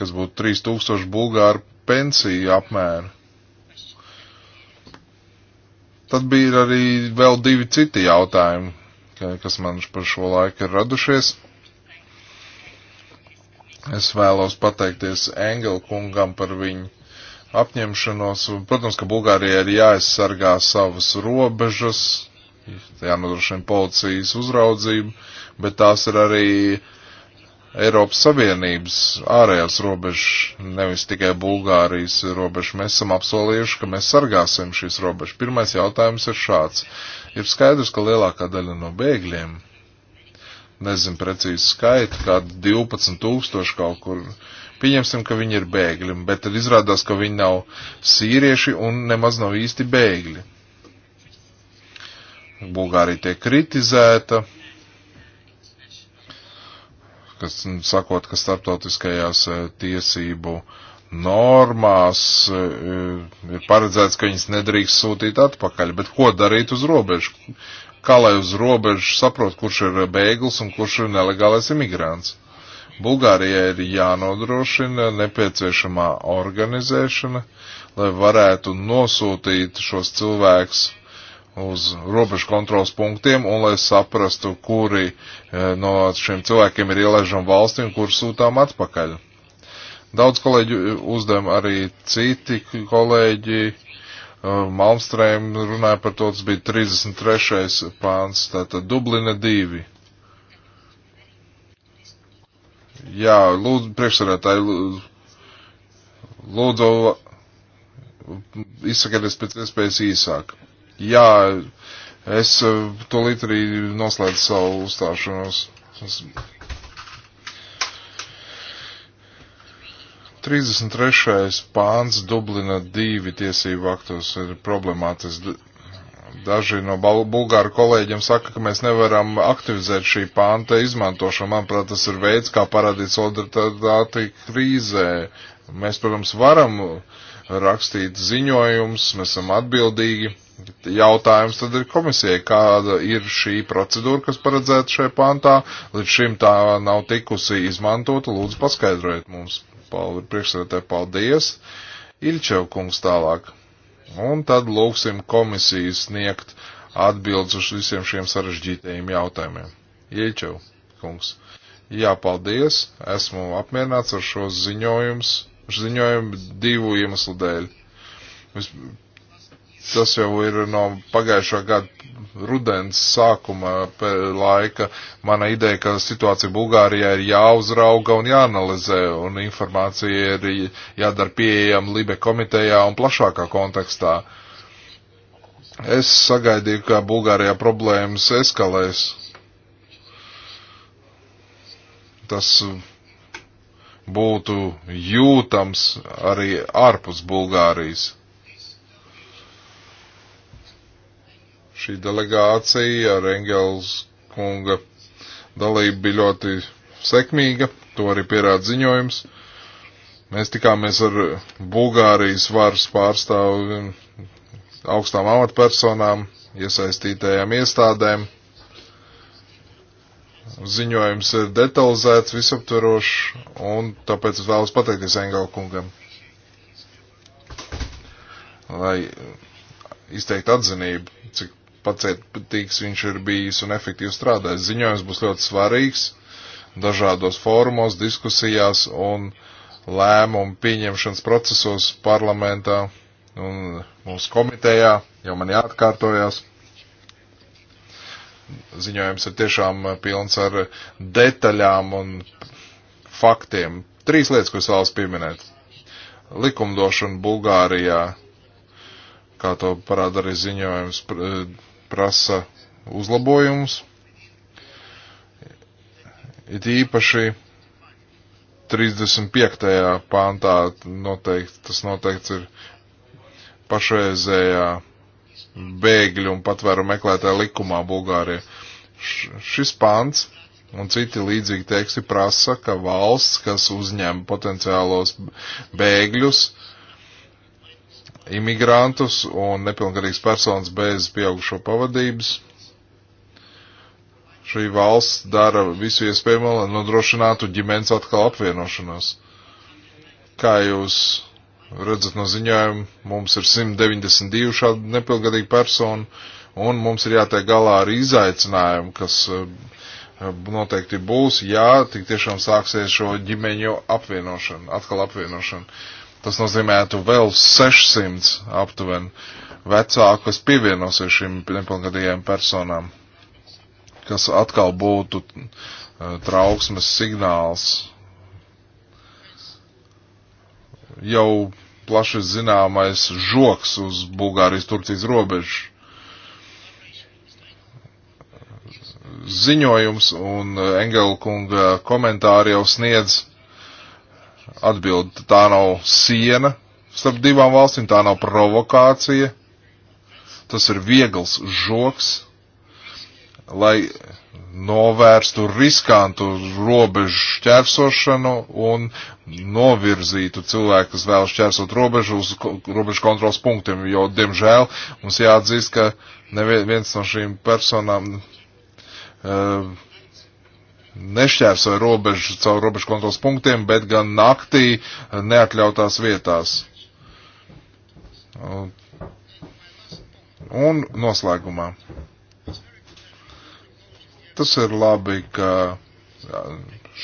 Speaker 1: kas būtu 3000 Bulgāru pensiju apmēra. Tad bija arī vēl divi citi jautājumi, kas man par šo laiku ir radušies. Es vēlos pateikties Engela kungam par viņu apņemšanos. Protams, ka Bulgārijai ir jāaizsargā savas robežas, jānodrošina policijas uzraudzība, bet tās ir arī uh, Eiropas Savienības ārējās robežas, nevis tikai Bulgārijas robežas. Mēs esam apsolījuši, ka mēs sargāsim šīs robežas. Pirmais jautājums ir šāds. Ir skaidrs, ka lielākā daļa no bēgļiem, nezinu precīzi skaitu, kāda 12 tūkstoši kaut kur, pieņemsim, ka viņi ir bēgļi, bet tad izrādās, ka viņi nav sīrieši un nemaz nav īsti bēgļi. Bulgārija tiek kritizēta kas nu, sakot, ka starptautiskajās e, tiesību normās e, e, ir paredzēts, ka viņas nedrīkst sūtīt atpakaļ, bet ko darīt uz robežu? Kā lai uz robežu saprot, kurš ir bēglis un kurš ir nelegālais imigrants? Bulgārijai ir jānodrošina nepieciešamā organizēšana, lai varētu nosūtīt šos cilvēkus uz robežu kontrols punktiem un lai saprastu, kuri eh, no šiem cilvēkiem ir ielaižami valstī un kur sūtām atpakaļ. Daudz kolēģi eh, uzdevumi arī citi kolēģi. Eh, Malmstrēm runāja par to, tas bija 33. pāns, tātad Dublina 2. Jā, lūdzu, priekšsarētāji, lūdzu, izsakieties pēc iespējas īsāk. Jā, es eh, to līdz arī noslēdzu savu uzstāšanos. 33. pāns Dublina 2 tiesību aktos ir problemātisks. Daži no bulgāru kolēģiem saka, ka mēs nevaram aktivizēt šī pānta izmantošanu. Manuprāt, tas ir veids, kā parādīt solidaritāti krīzē. Mēs, protams, varam rakstīt ziņojumus, mēs esam atbildīgi Jautājums tad ir komisijai, kāda ir šī procedūra, kas paredzēta šajā pantā. Līdz šim tā nav tikusi izmantota. Lūdzu, paskaidrojiet mums, priekšsēdētāji, paldies. Ilčev kungs tālāk. Un tad lūgsim komisiju sniegt atbildes uz visiem šiem sarežģītajiem jautājumiem. Ilčev kungs. Jā, paldies. Esmu apmierināts ar šo ziņojumu, ziņojumu divu iemeslu dēļ. Vis, tas jau ir no pagājušā gada rudens sākuma laika. Mana ideja, ka situācija Bulgārijā ir jāuzrauga un jāanalizē, un informācija ir jādara pieejama Libe komitejā un plašākā kontekstā. Es sagaidīju, ka Bulgārijā problēmas eskalēs. Tas būtu jūtams arī ārpus Bulgārijas. Šī delegācija ar Engels kunga dalību bija ļoti sekmīga, to arī pierāda ziņojums. Mēs tikāmies ar Bulgārijas varas pārstāvu augstām amatpersonām, iesaistītajām iestādēm. Ziņojums ir detalizēts, visaptverošs, un tāpēc es vēlos pateikties Engela kungam, lai izteikt atzinību pacietīgs viņš ir bijis un efektīvi strādājis. Ziņojums būs ļoti svarīgs dažādos fórumos, diskusijās un lēmumu pieņemšanas procesos parlamentā un mūsu komitejā, jau man jāatkārtojās. Ziņojums ir tiešām pilns ar detaļām un faktiem. Trīs lietas, ko es vēlos pieminēt. Likumdošana Bulgārijā kā to parāda arī ziņojums prasa uzlabojumus. It īpaši 35. pāntā noteikti, tas noteikts ir pašreizējā bēgļu un patvēru meklētāju likumā Bulgārija. Šis pants un citi līdzīgi teksti prasa, ka valsts, kas uzņem potenciālos bēgļus, uh, imigrantus un nepilngadīgas personas bez pieaugušo pavadības. Šī valsts dara visu iespējamo, lai nodrošinātu ģimenes atkal apvienošanos. Kā jūs redzat no ziņojuma, mums ir 192 šādi nepilngadīgi personi, un mums ir jātiek galā ar izaicinājumu, kas eh, noteikti būs, ja tik tiešām sāksies šo ģimeņu apvienošana, atkal apvienošana. Tas nozīmētu vēl 600 aptuveni vecāku, kas pievienosies šīm nepilngadīgajām personām, kas atkal būtu eh, trauksmes signāls jau plaši zināmais žoks uz Bulgārijas-Turcijas robežu. Ziņojums un Engelkunga komentāri jau sniedz Atbild, tā nav siena starp divām valstīm, tā nav provokācija. Tas ir viegls žoks, lai novērstu riskantu robežu šķērsošanu un novirzītu cilvēku, kas vēlas šķērsot robežu uz robežu kontrols punktiem, jo, diemžēl, mums jāatzīst, ka neviens no šīm personām uh, nešķērsoja robežu caur robežu kontrols punktiem, bet gan naktī eh, neatļautās vietās. Un noslēgumā. Tas ir labi, ka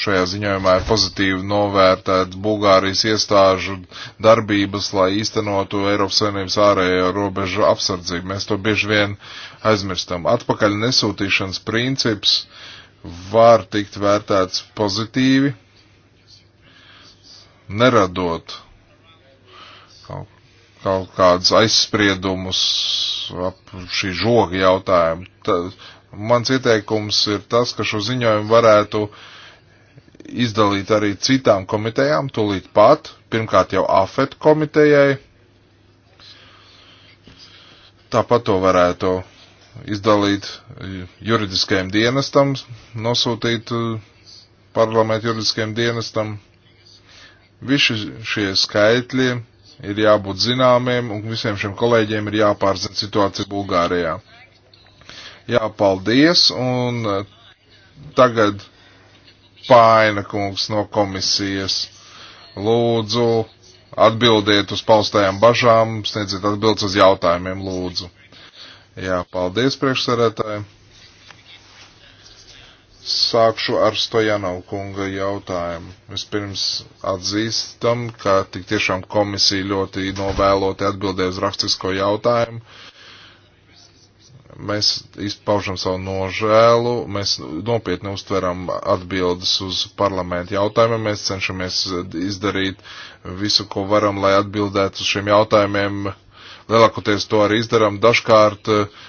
Speaker 1: šajā ziņojumā ir pozitīvi novērtēt Bulgārijas iestāžu darbības, lai īstenotu Eiropas Savienības ārējo robežu apsardzību. Mēs to bieži vien aizmirstam. Atpakaļ nesūtīšanas princips uh, var tikt vērtēts pozitīvi, neradot kaut, kaut kādus aizspriedumus ap šī žoga jautājumu. Ta, mans ieteikums ir tas, ka šo ziņojumu varētu izdalīt arī citām komitejām, tūlīt pat, pirmkārt jau AFET komitejai. Tāpat to varētu izdalīt e, juridiskajam dienestam, nosūtīt e, parlamentu juridiskajam dienestam. Visi šie skaitļi ir jābūt zināmiem, un visiem šiem kolēģiem ir jāpārzina situācija Bulgārijā. Jā, paldies, un e, tagad Paina kungs no komisijas. Lūdzu, atbildiet uz paustajām bažām, sniedziet atbildes uz jautājumiem, lūdzu. Jā, paldies priekšsarētāji. Sākšu ar Stojanov kunga jautājumu. Vispirms atzīstam, ka tik tiešām komisija ļoti novēloti atbildēja uz rakstisko jautājumu. Mēs izpaužam savu nožēlu, mēs nopietni uztveram atbildes uz parlamentu jautājumiem, mēs cenšamies izdarīt visu, ko varam, lai atbildētu uz šiem jautājumiem lielākoties to arī izdarām. Dažkārt eh,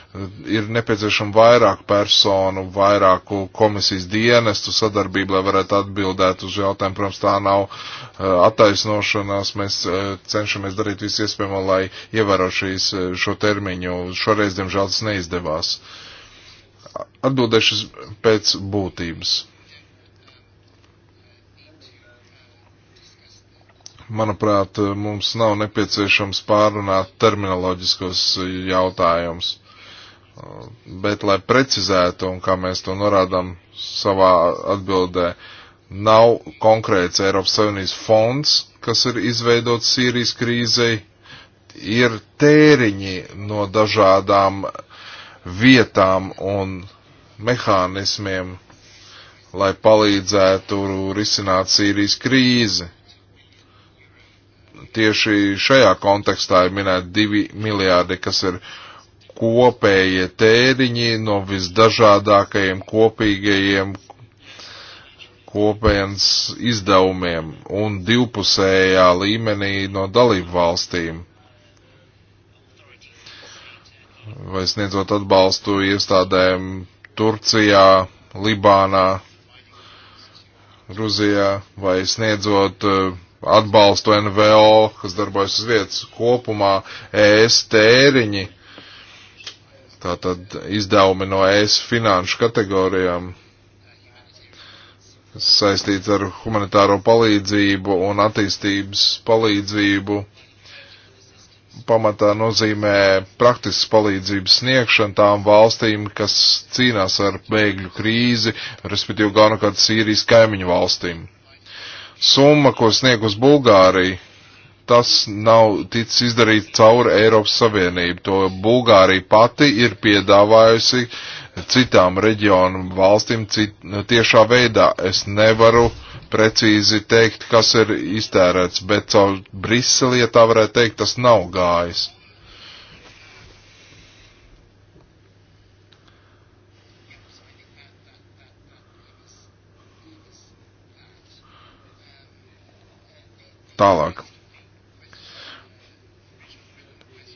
Speaker 1: ir nepieciešama vairāk personu, vairāku komisijas dienestu sadarbību, lai varētu atbildēt uz jautājumu. Protams, tā nav eh, attaisnošanās. Mēs eh, cenšamies darīt visu iespējamo, lai ievērošīs šo termiņu. Šoreiz, diemžēl, tas neizdevās. Atbildēšu pēc būtības Manuprāt, mums nav nepieciešams pārunāt terminoloģiskos jautājumus, bet, lai precizētu, un kā mēs to norādām savā atbildē, nav konkrēts Eiropas Savienības fonds, kas ir izveidots Sīrijas krīzei, ir tēriņi no dažādām vietām un mehānismiem, lai palīdzētu risināt Sīrijas krīzi tieši šajā kontekstā ir minēti divi miljārdi, kas ir kopējie tēriņi no visdažādākajiem kopīgajiem kopējams izdevumiem un divpusējā līmenī no dalību valstīm. Vai sniedzot atbalstu iestādēm Turcijā, Libānā, Gruzijā, vai sniedzot uh, atbalstu NVO, kas darbojas uz vietas kopumā, ES tēriņi, tātad izdevumi no ES finanšu kategorijām saistīts ar humanitāro palīdzību un attīstības palīdzību pamatā nozīmē praktiskas palīdzības sniegšanu tām valstīm, kas cīnās ar bēgļu krīzi, respektīvi galvenokārt Sīrijas kaimiņu valstīm summa, ko snieg uz Bulgāriju, tas nav ticis izdarīts cauri Eiropas Savienību. To Bulgārija pati ir piedāvājusi citām reģionu valstīm cit, tiešā veidā. Es nevaru precīzi teikt, kas ir iztērēts, bet caur Briseli, ja tā varētu teikt, tas nav gājis. Tālāk.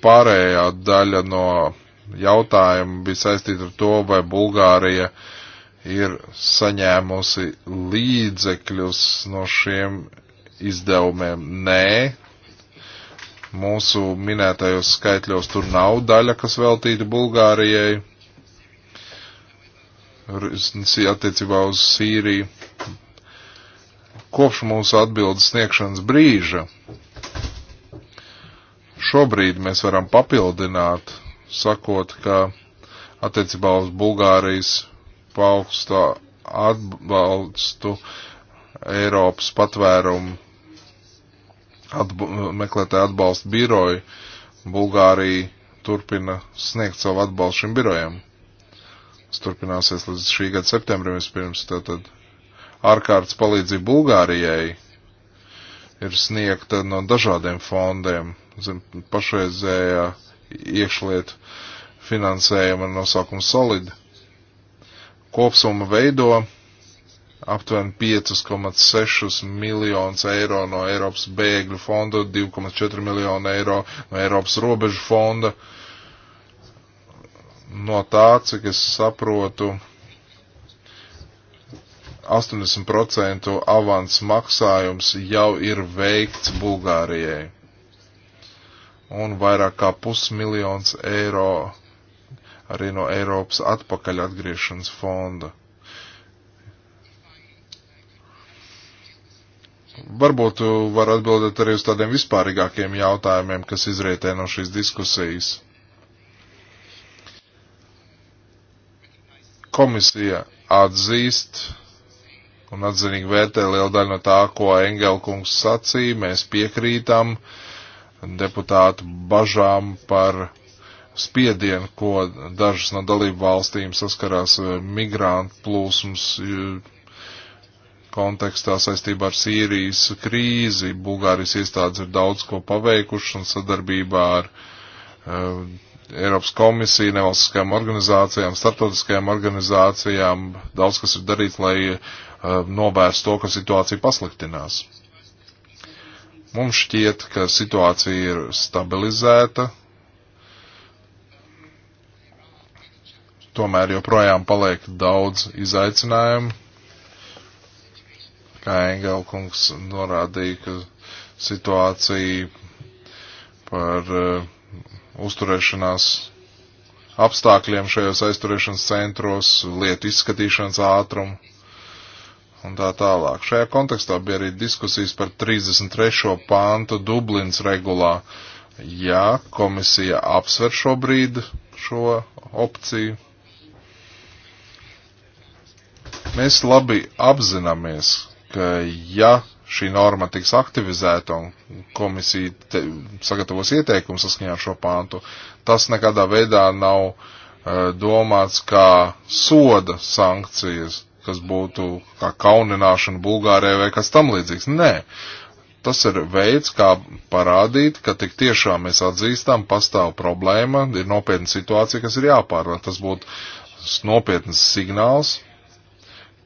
Speaker 1: Pārējā daļa no jautājuma bija saistīta ar to, vai Bulgārija ir saņēmusi līdzekļus no šiem izdevumiem. Nē, mūsu minētajos skaitļos tur nav daļa, kas veltīta Bulgārijai attiecībā uz Sīriju kopš mūsu atbildes sniegšanas brīža. Šobrīd mēs varam papildināt, sakot, ka attiecībā uz Bulgārijas paaugstā atbalstu Eiropas patvērumu atb meklētāju atbalstu biroju Bulgārija turpina sniegt savu atbalstu šim birojam. Tas turpināsies līdz šī gada septembrim vispirms, tātad ārkārtas palīdzība Bulgārijai ir sniegta no dažādiem fondiem. Zin, pašreizējā iekšlietu finansējuma nosaukums Solid. Kopsumma veido aptuveni 5,6 miljonus eiro no Eiropas bēgļu fonda, 2,4 miljonu eiro no Eiropas robežu fonda. No tā, cik es saprotu, 80% avans maksājums jau ir veikts Bulgārijai. Un vairāk kā pusmiljons eiro arī no Eiropas atpakaļ atgriešanas fonda. Varbūt var atbildēt arī uz tādiem vispārīgākiem jautājumiem, kas izrietē no šīs diskusijas. Komisija atzīst un atzinīgi vērtē lielu daļu no tā, ko Engelkungs sacīja. Mēs piekrītam deputātu bažām par spiedienu, ko dažas no dalību valstīm saskarās migrantu plūsmas eh, kontekstā saistībā ar Sīrijas krīzi. Bulgārijas iestādes ir daudz ko paveikušas un sadarbībā ar uh, Eiropas komisiju, nevalstiskajām organizācijām, starptautiskajām organizācijām. Daudz kas ir darīts, lai Uh, novērst to, ka situācija pasliktinās. Mums šķiet, ka situācija ir stabilizēta, tomēr joprojām paliek daudz izaicinājumu. Kā Engelkungs norādīja, ka situācija par uh, uzturēšanās apstākļiem šajos aizturēšanas centros, lietu izskatīšanas ātrumu un tā tālāk. Šajā kontekstā bija arī diskusijas par 33. pāntu Dublins regulā. Ja komisija apsver šobrīd šo opciju, mēs labi apzināmies, ka ja šī norma tiks aktivizēta un komisija te, sagatavos ieteikumu saskaņā ar šo pāntu, tas nekādā veidā nav uh, domāts kā soda sankcijas kas būtu kā kaunināšana Bulgārijai vai kas tam līdzīgs. Nē, tas ir veids, kā parādīt, ka tik tiešām mēs atzīstam, pastāv problēma, ir nopietna situācija, kas ir jāpārvar. Tas būtu nopietns signāls,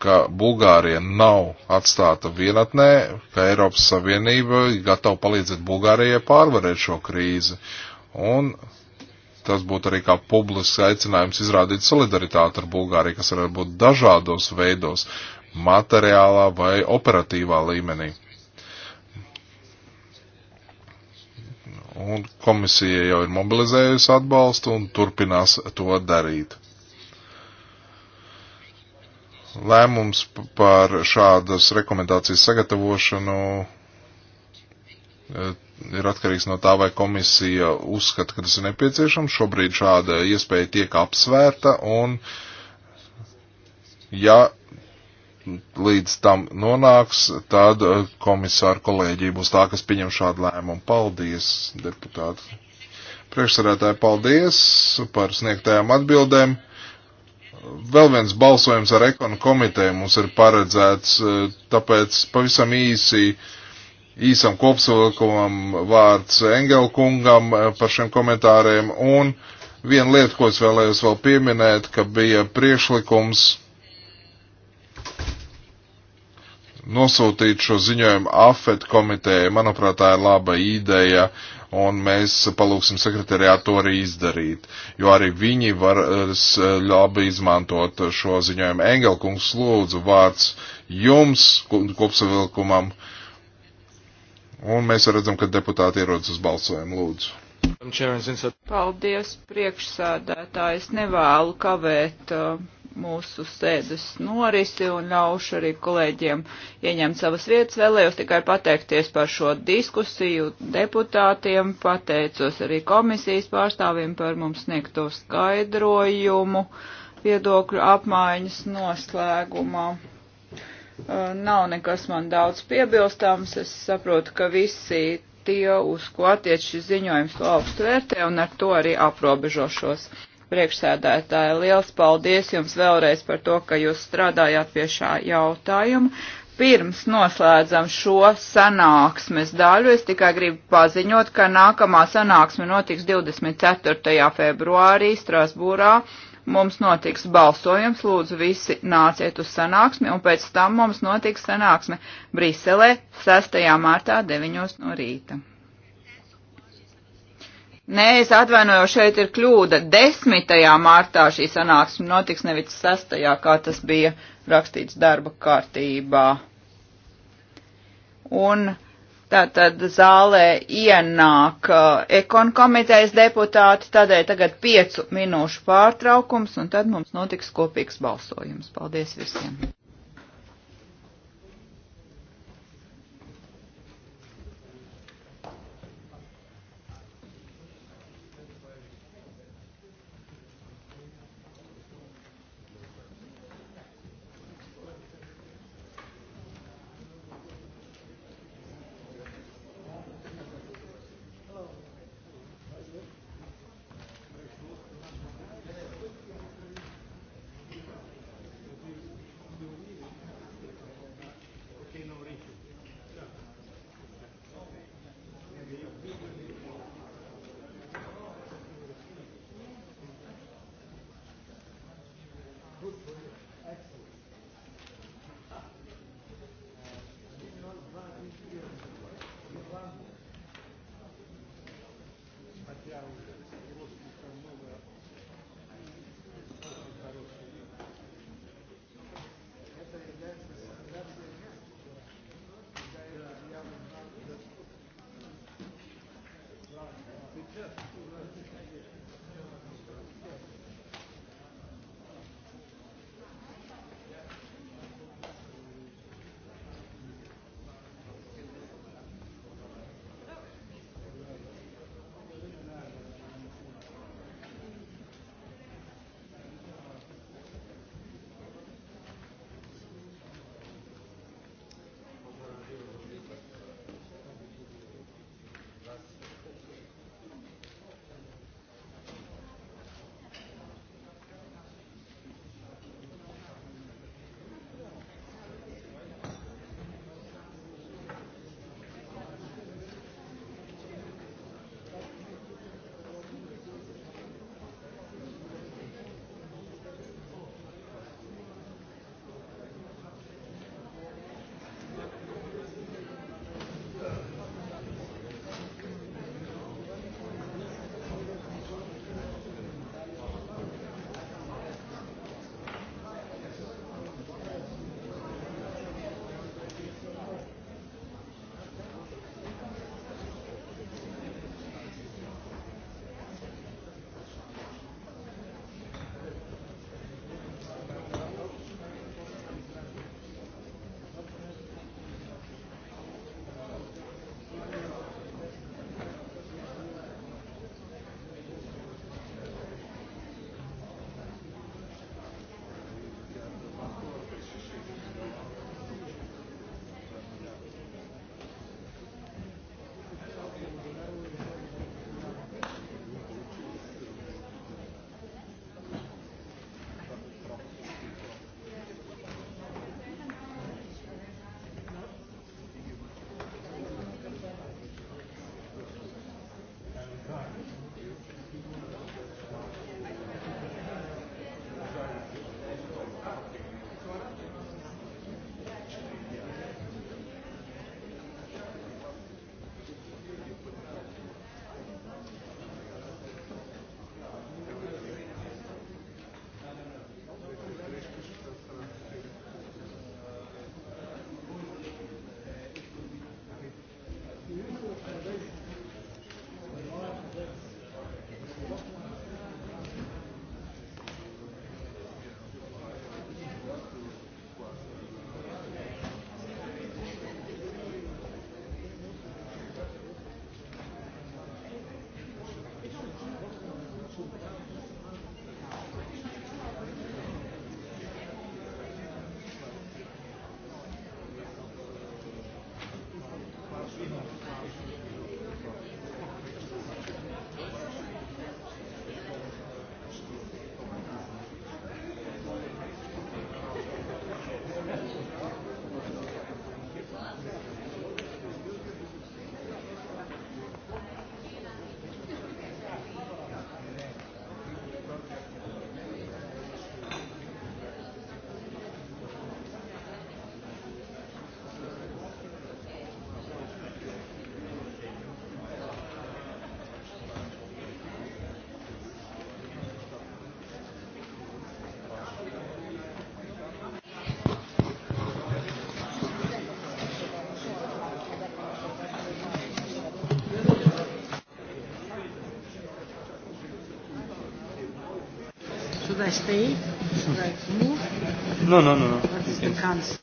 Speaker 1: ka Bulgārija nav atstāta vienatnē, ka Eiropas Savienība gatava palīdzēt Bulgārijai pārvarēt šo krīzi. Un tas būtu arī kā publisks aicinājums izrādīt solidaritāti ar Bulgāriju, kas var būt dažādos veidos, materiālā vai operatīvā līmenī. Un komisija jau ir mobilizējusi atbalstu un turpinās to darīt. Lēmums par šādas rekomendācijas sagatavošanu e, ir atkarīgs no tā, vai komisija uzskata, ka tas ir nepieciešams. Šobrīd šāda iespēja tiek apsvērta, un ja līdz tam nonāks, tad eh, komisāra kolēģija būs tā, kas pieņem šādu lēmumu. Paldies, deputāti! Priekšsarētāji, paldies par sniegtajām atbildēm. Vēl viens balsojums ar ekonu komiteju mums ir paredzēts, eh, tāpēc pavisam īsi. Uh, īsam kopsavilkumam vārds Engelkungam eh, par šiem komentāriem. Un viena lieta, ko es vēlējos vēl pieminēt, ka bija priešlikums nosūtīt šo ziņojumu AFET komitejai. Manuprāt, tā ir laba ideja, un mēs palūksim sekretariātu to arī izdarīt, jo arī viņi var eh, labi izmantot šo ziņojumu. Engelkungs, lūdzu, vārds jums kopsavilkumam. Ko Un mēs redzam, ka deputāti ierodas uz balsojumu.
Speaker 4: Lūdzu.
Speaker 5: Paldies, priekšsēdētāji. Es nevēlu kavēt uh, mūsu sēdes norisi un ļaušu arī kolēģiem ieņemt savas vietas. Vēlējos tikai pateikties par šo diskusiju deputātiem, pateicos arī komisijas pārstāvim par mums sniegto skaidrojumu viedokļu apmaiņas noslēgumā. Eh, nav nekas man daudz piebilstams. Es saprotu, ka visi tie, uz ko attiec šis ziņojums, to augstu vērtē un ar to arī aprobežošos. Priekšsēdētāji, liels paldies jums vēlreiz par to, ka jūs strādājāt pie šā jautājuma. Pirms noslēdzam šo sanāksmes daļu, es tikai gribu paziņot, ka nākamā sanāksme notiks 24. februārī Strasbūrā mums notiks balsojums, lūdzu visi nāciet uz sanāksmi, un pēc tam mums notiks sanāksme Briselē 6. martā 9. no rīta. Nē, es atvainoju, šeit ir kļūda. 10. martā šī sanāksme notiks nevis 6. kā tas bija rakstīts darba kārtībā. Un Tātad zālē ienāk uh, ekonkomitejas deputāti, tādēļ tagad piecu minūšu pārtraukums, un tad mums notiks kopīgs balsojums. Paldies visiem!
Speaker 4: should I stay? Should I move? No, no, no. no. What is you the can... council?